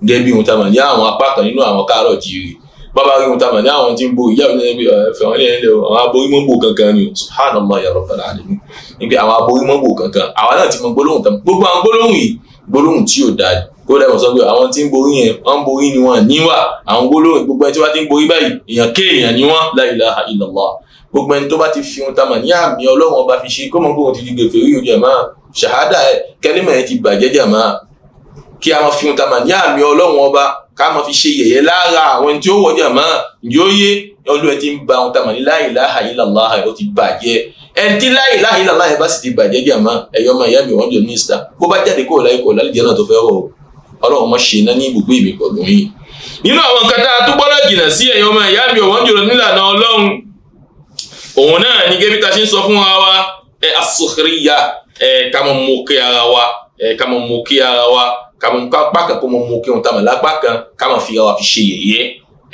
gẹ́gẹ́ bí ohun tá a mọ̀ ní àwọn apá kan nínú àwọn káàárọ̀ jíire bàbá rí ohun tá a mọ̀ ní àwọn tí ń bo ìyá òní ẹbí ẹ̀fẹ̀wọ́n ní ẹ̀lẹ́ àwọn aborímọ́bò kankan ni subhanallah ya rabbal alamin níbi àwọn aborímọ́bò kankan àwa náà ti mọ gbólóhùn tán gbogbo àwọn gbólóhùn yìí gbólóhùn tí ò dáa kó dàbọ̀ sọ pé àwọn tí ń borí yẹn wọ́n ń borí ni wọ́n níwà àwọn gbólóhùn gbogbo ẹni tí wọ́n ti ń borí báyìí èèyàn kéèyàn ni wọ́n la ilaha illallah gbogbo ẹni tó bá ti fi ohun tá ní àmì ọlọ́run ọba fi ṣe kó mọ̀ gbóhùn ti di gbèfè rí ojú ẹ̀ máa ṣàhádà ẹ̀ kẹ́límà ẹ̀ ti bàjẹ́ jà máa kí a máa fi ohun tá a máa ní àmì ọlọ́run ọba ká máa fi ṣe yẹ̀yẹ́ lára àwọn tí ó wọ jàmá yóò yé olúwa ti ń ba ohun tá a máa ní la ilaha ó ti bàjẹ́ ẹni tí la ilaha illallah bá sì ti bàjẹ́ jàmá ẹ̀yọ́ ọmọ ìyá mi wọ́n jọ mínísítà kó bá jáde kó láyé kó lálẹ́ jẹ́nà tó fẹ́ rọ̀ ọlọ́run mọ̀ ṣe iná ní ibùgbé mi pọ̀lú mi. nínú àwọn nǹkan tá a sí ẹ̀yọ́ ọmọ ìyá mi wọ́n jọ nílànà ọlọ́run òun náà ni gẹ́bí ta ṣe ń sọ fún wa wa ẹ̀ asòkèrè ya ẹ̀ ká mọ̀ mọ̀ kí ara wa ẹ̀ ká mọ̀ mọ̀ ara wa ká mọ apá kan kó mọ mú kí wọn tá mọ lápá kan ká mọ fi àwa fi ṣe yẹ̀yẹ́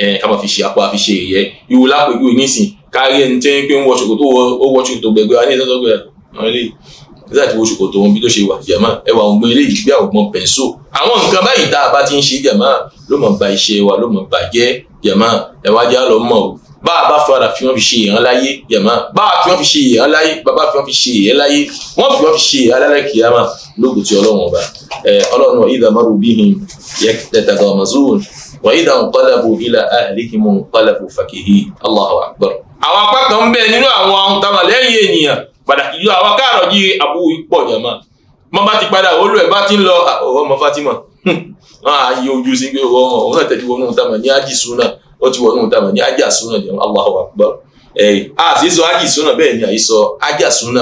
ẹ ká mọ fi ṣe apá wa fi ṣe yẹ̀yẹ́ ìwò lápẹjù nísìn kárí ẹni tí pé ń wọ ṣòkòtò ó wọ ṣòkòtò gbẹgbẹ wa ní ìtọ́jọ́ gbẹ àwọn eléyìí nígbà tí wọ ṣòkòtò wọn bí tó ṣe wà jẹ̀mọ́ ẹwà ògbọ́n eléyìí bí àwògbọ́n pẹ̀nsó àwọn nǹkan báyìí tá a bá ti ń ṣe jẹ̀mọ́ ló mọ̀ ba iṣẹ́ wa ló mọ̀ bàjẹ́ jẹ̀mọ́ ẹwà já lọ mọ̀ o bá a bá fara fi wọn fi ṣe èèyàn láyé yàmá bá a fi wọn fi ṣe èèyàn láyé bàbá fi wọn fi ṣe èèyàn láyé wọn fi wọn fi ṣe èèyàn láyé lóògùn tí ọlọ́run ọba ẹ ọlọ́run wa idha maru bihim yataghamazun wa idha nqalabu ila ahlihim nqalabu fakihin Allahu akbar. àwọn apá kan ń bẹ nínú àwọn táwọn lẹ́yìn ènìyàn pàtàkì ju àwọn káàrọ̀ yìí àbúrò pọ̀ wọn á yí o o na wọn òun náà tẹ̀lé wọnú tàmà ní ájì o ó ti wọnú tàmà ní ájà súnà ní Allahu Akbar ẹ̀ àti sọ ájì súnà bẹ́ẹ̀ ni àìsọ ájà súnà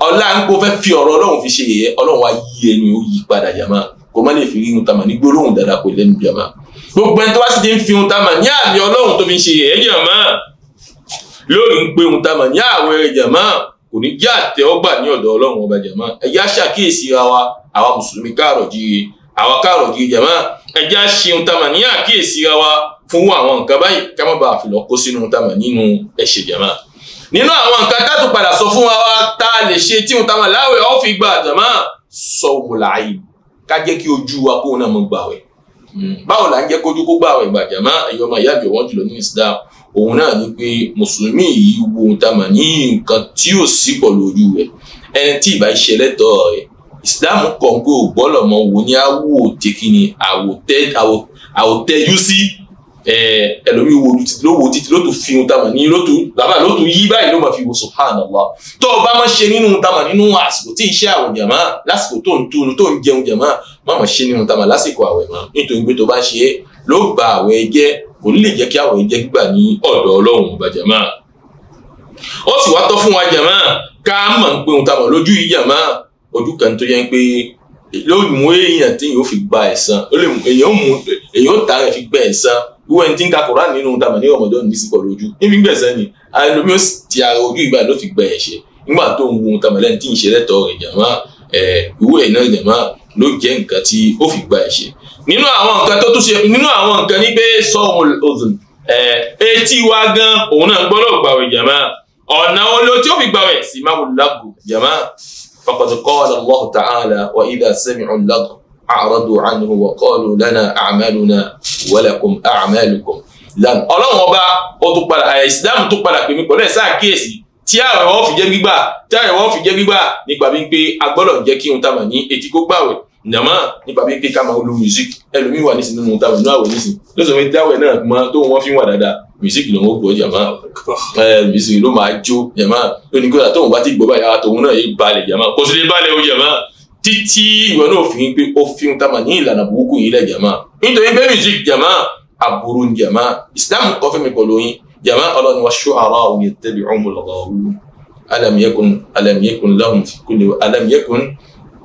ọlá ń kó fẹ́ fi ọ̀rọ̀ ọlọ́run fi ṣe yẹ̀yẹ́ ọlọ́run wá yí ẹnu ó yí padà yàmá kó má lè fi rí ohun tàmà ní gbólóhùn dáadáa kó lẹ́nu yàmá gbogbo ẹni tó bá sì ti ń fi ohun tàmà ní àmì ọlọ́run tó fi ń ṣe yẹ̀yẹ́ yàmá lórí ń pé ohun tàmà ní àwẹ̀ yàmá kò ní jẹ́ àtẹ́wọ́gbà ní ọ̀dọ̀ ọlọ́run ọba jàmá ẹ̀yà ṣàkíyèsí ara wa àwa mùsùlùmí káàrọ̀ jíire àwọn káàrọ̀ kì í jẹ̀ máa ẹja ṣeun tamà ní àkíyèsí wa fún àwọn nǹkan báyìí ká má bàa fi lọ kó sínú tamà nínú ẹ̀ṣẹ̀ jẹ̀ máa nínú àwọn nǹkan ká padà sọ fún wa tá a lè ṣe tí òun tamà láwẹ̀ ọ́ fi gba àjàmá sọ òmùlàyé ká jẹ́ kí ojú wa kó náà mọ gbàwẹ̀ hmm. báwo là ń jẹ́ kójú kó gbàwẹ̀ gbàjàmá ẹ̀yọ́ máa yábì wọ́n jùlọ ní Islam òun náà ni pé mùsùlùmí yìí wo tamà ní nǹkan tí ò sí pọ̀ islam kàn pé ò gbọ́dọ̀ mọ wò ní àwò jẹ́ kí ni àwòtẹ́ àwòtẹ́jú sí ẹlòmíì wo títí ló wo títí ló tún fi ohun tamọ̀ ní ló tún bàbá ló tún yí báyìí ló máa fi wo subhanallah tó o bá máa ṣe nínú tamọ̀ nínú àsìkò tí iṣẹ́ àwọ̀ jàmá lásìkò tó ń túnu tó ń jẹun jàmá má máa ṣe nínú tamọ̀ lásìkò àwẹ̀ mọ́ nítorí pé tó bá ṣe é ló gba àwẹ̀ jẹ́ kò ní lè jẹ́ kí àwẹ̀ jẹ́ gbígbà ní ọ̀dọ̀ ọlọ́run ọba jàmá ó sì wá tọ́ fún wa jàmá ká mọ̀ ń pe ohun tamọ̀ lójú yìí jàmá ojú kan tó yẹ pé ló mú èèyàn tí yóò fi gba ẹ̀san ó lè mú èèyàn mú èèyàn ta rẹ̀ fi gba ẹ̀san wíwọ ẹni tí ń ka koran nínú dàmà ní ọmọdé òní sí pẹ̀lú níbi gbẹ̀san ni alomi ó ti ara ojú ìgbà ló fi gba ẹ̀ṣẹ̀ nígbà tó ń wo tàmà lẹ́ni tí ń ṣe lẹ́tọ̀ọ́ rẹ̀ jàmá ìwé ẹ̀ náà jàmá ló jẹ́ nǹkan tí ó fi gba ẹ̀ṣẹ̀ nínú àwọn nǹkan tó tún ṣe nínú àwọn nǹkan ní pé sọ́ọ̀mù ọ̀dùn etí wa gan òun náà gbọ́dọ̀ gbàwẹ̀ jàmá ọ̀nà olóò tí ó fi gbàwẹ̀ sì máa wò lágò jàmá فقد قال الله تعالى وإذا سمعوا اللغو أعرضوا عنه وقالوا لنا أعمالنا ولكم أعمالكم لن Ọlọ́run ọba ó tún padà àyà ìsìláàmù tún padà pè mí pẹ̀lú ẹ̀sán àkíyèsí tí àwẹ̀ wọn fi jẹ́ gbígbà tí àwẹ̀ wọn fi jẹ́ gbígbà nípa wípé a gbọ́dọ̀ jẹ́ kí n ta mà ní etí kó gbàwẹ̀ nyàmá nípa bí pé ká máa lo music ẹlòmíì wà nísìnyí nínú táwọn inú àwẹ̀ nísìnyí lọ́sọ̀rọ̀ táwẹ̀ náà mọ tó wọn fi wà dáadáa music ló ń gbọ́ jàmá ah. music ló máa jó jàmá lónìí kódà tóun bá ti gbọ́ báyìí àtòun náà yé balẹ̀ jàmá kò sì lè balẹ̀ o jàmá títí ìwọ náà fi pé ó fi ń tamà ní ìlànà burúkú yìí lẹ̀ jàmá nítorí pé music jàmá aburú jàmá Islam kọ́ fẹ́mi kọ́ lóyún jàmá ọlọ́ni wa ṣu'ara yattabi'uhumul ghaawun alam yakun alam yakun lahum fi kulli alam yakun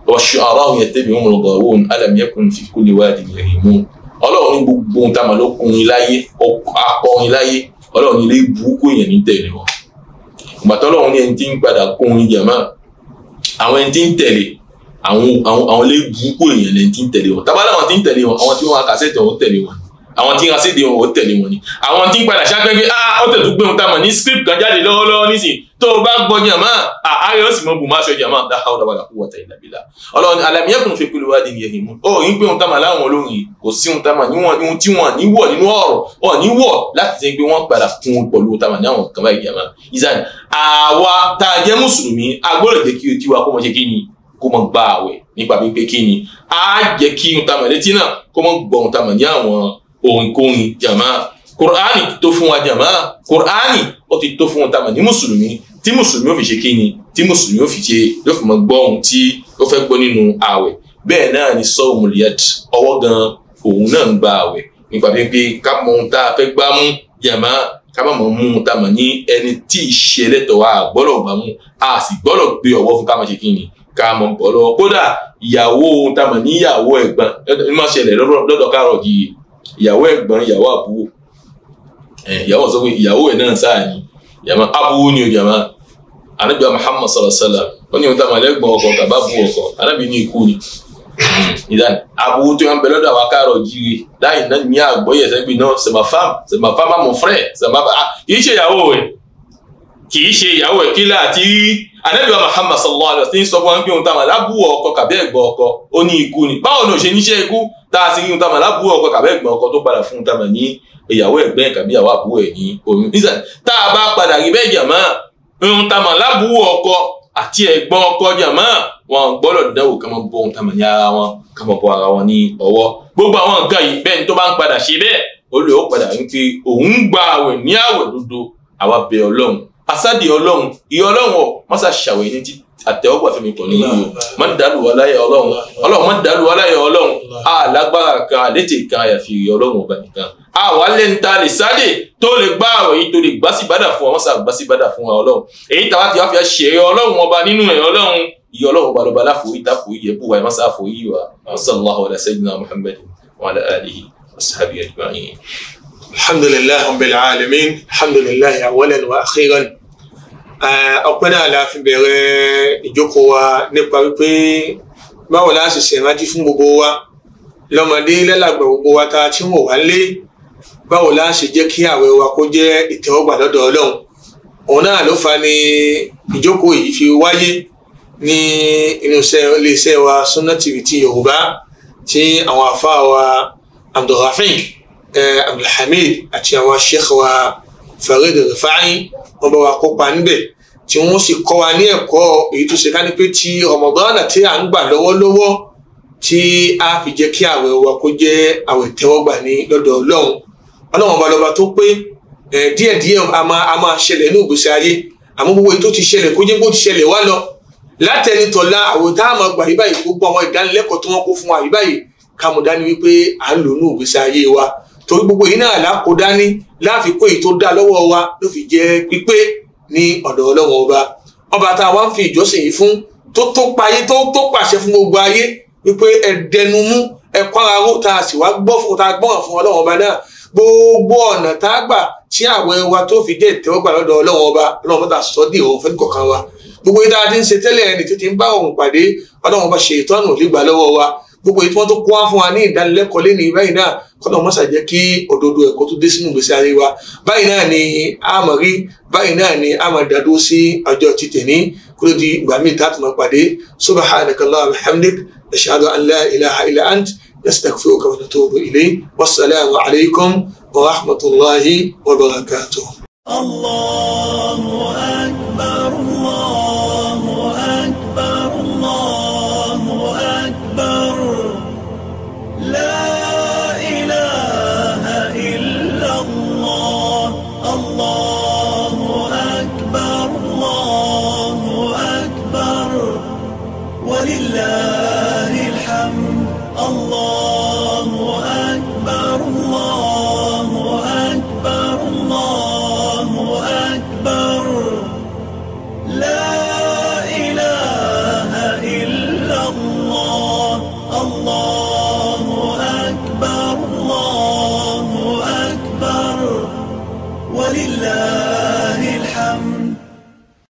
والشعراء يتبعهم الغاوون ألم يكن في كل واد يهيمون ọlọ́run ní gbogbo ohun tá a mọ̀ ló kunrin láyé akọrin láyé ọlọ́run ilé burúkú èèyàn ní tẹ̀lé wọn ìgbà tọ́lọ́run ní ẹni tí ń padà kunrin jẹ̀mọ́ àwọn ẹni tí ń tẹ̀lé àwọn ilé burúkú èèyàn ní ẹni tí ń tẹ̀lé wọn tábàlà àwọn tí ń tẹ̀lé wọn àwọn tí wọ́n wá kàṣẹ́tì ọ̀hún tẹ̀lé wọn àwọn tí ń ra síde wọn ò tẹ̀lé wọn ni àwọn tí ń padà ṣáájú pé ah ó tẹ̀tù gbé wọn tá ní script kan jáde lọ́wọ́lọ́wọ́ nísìn tó o bá gbọ́ jàmá àárẹ̀ ó sì mọ̀ bù má ṣe jàmá dá àwọn ọ̀dàbàdà kú wọ̀tà ìlà bílà ọlọ́run alamiyakunle fi kúlù wádìí ni ẹ̀yìn mú ó yín pé wọn tá a mọ̀ láwọn olórin kò sí wọn tá a mọ̀ níwọ̀n tí wọn ní wọ̀ nínú ọ̀rọ̀ wọn ní wọ̀ láti ṣe pé wọ́n padà kún un pẹ̀lú tá a mọ̀ ní àwọn kan báyìí jàmá ìsáni àwa tá a jẹ́ mùsùlùmí a gbọ́dọ̀ jẹ́ kí o tiwa kó mọ̀ ṣe kí ni kó mọ̀ gbà àwẹ̀ nípa pípé kí ni á jẹ́ kí n ta létí náà kó mọ̀ gbọ̀n ta mọ̀ ní àwọn orinkorin jama kùránì tó fún wa jama kùránì ó ti tó fún wa tá a mọ̀ ní mùsùlùmí tí mùsùlùmí ò fi ṣe kí ni tí mùsùlùmí ò fi ṣe yóò fi mọ gbọ́ ohun tí ó fẹ́ gbọ́ nínú ààwẹ̀ bẹ́ẹ̀ náà ni sọ́ọ̀mùl yad ọwọ́ gan òun náà ń gba ààwẹ̀ nípa pípé ká mọ ohun tá a fẹ́ gbá mú jàmá ká má mọ mú un tá a mọ̀ ní ẹni tí ì ṣe lẹ́tọ̀ọ́ a gbọ́dọ̀ gbá mú a sì gbọ́dọ̀ gbé ọwọ́ fún ká mọ̀ ṣe kí ni ká mọ̀ bọ́ lọ́wọ́ kódà ìyàwó ohun tá a mọ̀ ní ìyàwó ẹ̀gbọ́n ẹ ìyàwó ẹ̀gbọ́n ìyàwó àbúrò ìyàwó sọ pé ìyàwó ẹ̀ náà sáà ni yàmá àbúrò ni o yàmá anabi muhammad sallallahu alaihi wa sallam ó ní ìwúta màlẹ́ gbọ́n ọkọ̀ kàbá bu ọkọ̀ anabi ní ikú ni ìdáni àbúrò tó yàn bẹ lọ́dọ̀ àwọn akáàrọ̀ jíire láì náà ní àgbọ̀yẹ̀ sẹ́gbẹ̀ náà sẹ̀mà fáàmù sẹ̀mà fáàmù àmọ̀frẹ́ sẹ̀mà fáàmù kì í ṣe ìyàwó rẹ̀ kì í ṣe ìyàwó ẹ̀ kílà àti anabi wa muhammad sallallahu alaihi wa sallam sọ fún wa pé ohun tá a mọ̀ lábúwọ̀ ọkọ kàbí ẹ̀gbọ́n ọkọ ó ní ikú ni báwo ni ò ṣe níṣẹ́ ikú tá a sì ní ohun tá a mọ̀ lábúwọ̀ ọkọ kàbí ẹ̀gbọ́n ọkọ tó padà fún un tá a mọ̀ ní ìyàwó ẹ̀gbẹ́ kàbí ìyàwó àbúrò ẹ̀ ní oyún nígbà tá a bá padà rí bẹ́ẹ̀ jàmọ́ ohun tá a mọ̀ lábúwọ̀ ọkọ àti ẹ̀gbọ́n ọkọ jàmọ́ wọn gbọ́dọ̀ dánwò kí wọ́n bọ ohun tá a mọ̀ ní ara wọn kí wọ́n bọ ara wọn ní ọwọ́ gbogbo àwọn nǹkan yìí bẹ́ẹ̀ ni tó bá ń padà ṣe bẹ́ẹ̀ olùyọ̀ padà ń pe òun gba àwẹ̀ ní àwẹ̀ dodo àwa bẹ Ọlọ́run asadi ọlọ́run ìyá ọlọ́run ọ mọ́sá ṣàwẹ̀ ní ti àtẹ̀wọ́gbà fẹ́mi tọ̀ nínú yìí má dàlù aláyẹ ọlọ́run ọlọ́run má dàlù aláyẹ ọlọ́run a lágbára kan àlétè kan àyàfi ìyá ọlọ́run ọba nìkan a wà lẹ́ńtà lè sáré tó lè gbá àwẹ̀ yìí tó lè gbá sí bàdà fún wa mọ́sá gbá sí bàdà fún wa ọlọ́run èyí tàwa ti wá fi ṣèrè ọlọ́run ọba nínú ẹ̀ ọlọ́run ìyá ọlọ́run ọba lọ́ba láforí táforí yẹ bùwà ẹ̀ wa sallallahu ala sayyidina Muhammad wa ala alihi wa sahbihi ajma'in. alhamdulillahi ọpẹ́ náà la fi bẹ̀rẹ̀ ìjókòó wa nípa wípé báwo la ṣe ṣèrántí fún gbogbo wa lọ́mọdé lẹ́làgbà gbogbo wa ta tí wọ́n wá lé báwo la ṣe jẹ́ kí àwẹ̀ wa kó jẹ́ ìtẹ́wọ́gbà lọ́dọ̀ ọlọ́run òun náà ló fa ni ìjókòó yìí fi wáyé ní iléeṣẹ́ iléeṣẹ́ wa Sunna TV ti Yorùbá tí àwọn àfáà wa Abdulrafin eh, Abdulhamid àti àwọn sheikh wa fẹ̀rẹ̀dẹ̀ rẹ̀fáyín wọ́n bá wa kópa níbẹ̀ tí wọ́n sì kọ́ wa ní ẹ̀kọ́ èyí tó ṣe ká ní pé tí Ramadan tí à ń gbà lọ́wọ́lọ́wọ́ tí a fi jẹ́ kí àwẹ̀ wa kó jẹ́ àwẹ̀ tẹ́wọ́gbà ní lọ́dọ̀ Ọlọ́run Ọlọ́run ọba lọ́ba tó pé díẹ̀díẹ̀ a máa ṣẹlẹ̀ ní ìgbésí ayé àmọ́ gbogbo èyí tó ti ṣẹlẹ̀ kó jẹ́ bó ti ṣẹlẹ̀ wá lọ látẹni tọ̀la àwọn tá a máa gbà wa yí báyìí ká mọ̀ dání ní ìgbésí ayé wa torí gbogbo èyí náà lákòó dání láàfi kó èyí tó dá lọ́wọ́ wa ló fi jẹ́ pípé ní ọ̀dọ̀ ọlọ́wọ́ ọba ọba tá a wá ń fi ìjọsìn yìí fún tó tó payé tó tó pàṣẹ fún gbogbo ayé wípé ẹ̀dẹnumú ẹ̀kọ́ ara ó ta sì wá gbọ́ fún ta gbọ́ràn fún ọlọ́wọ́ ọba náà gbogbo ọ̀nà tá a gbà tí àwọn ẹwà tó fi jẹ́ ìtẹ́wọ́gbà lọ́dọ̀ ọlọ́wọ́ ọba ọlọ́wọ́ mọ́ta sọ́dí òun fẹ́ kọ̀ọ̀kan wa gbogbo ìdára tí ń ṣe tẹ́lẹ̀ ẹni tó ti ń bá òun pàdé ọlọ́wọ́ ọba ṣe ìtọ́nù lọ́wọ́ wa gbogbo èyí tí wọ́n tó kó wá fún wa ní ìdánilẹ́kọ̀ọ́ lé ní báyìí náà kọ́nà mọ́sà jẹ́ kí òdodo ẹ̀kọ́ tó dé sínú ìgbésí ayé wa báyìí náà ni a máa rí báyìí náà ni a máa dàdó sí ọjọ́ ti tẹ̀ní kó ló di ìgbà míì tá a tún máa pàdé subhanaka allahumma wa hamdik ashhadu an ilaha illa ant nastaghfiruka wa natubu ilayk wasalaamu alaykum wa rahmatulahi wa barakatuh.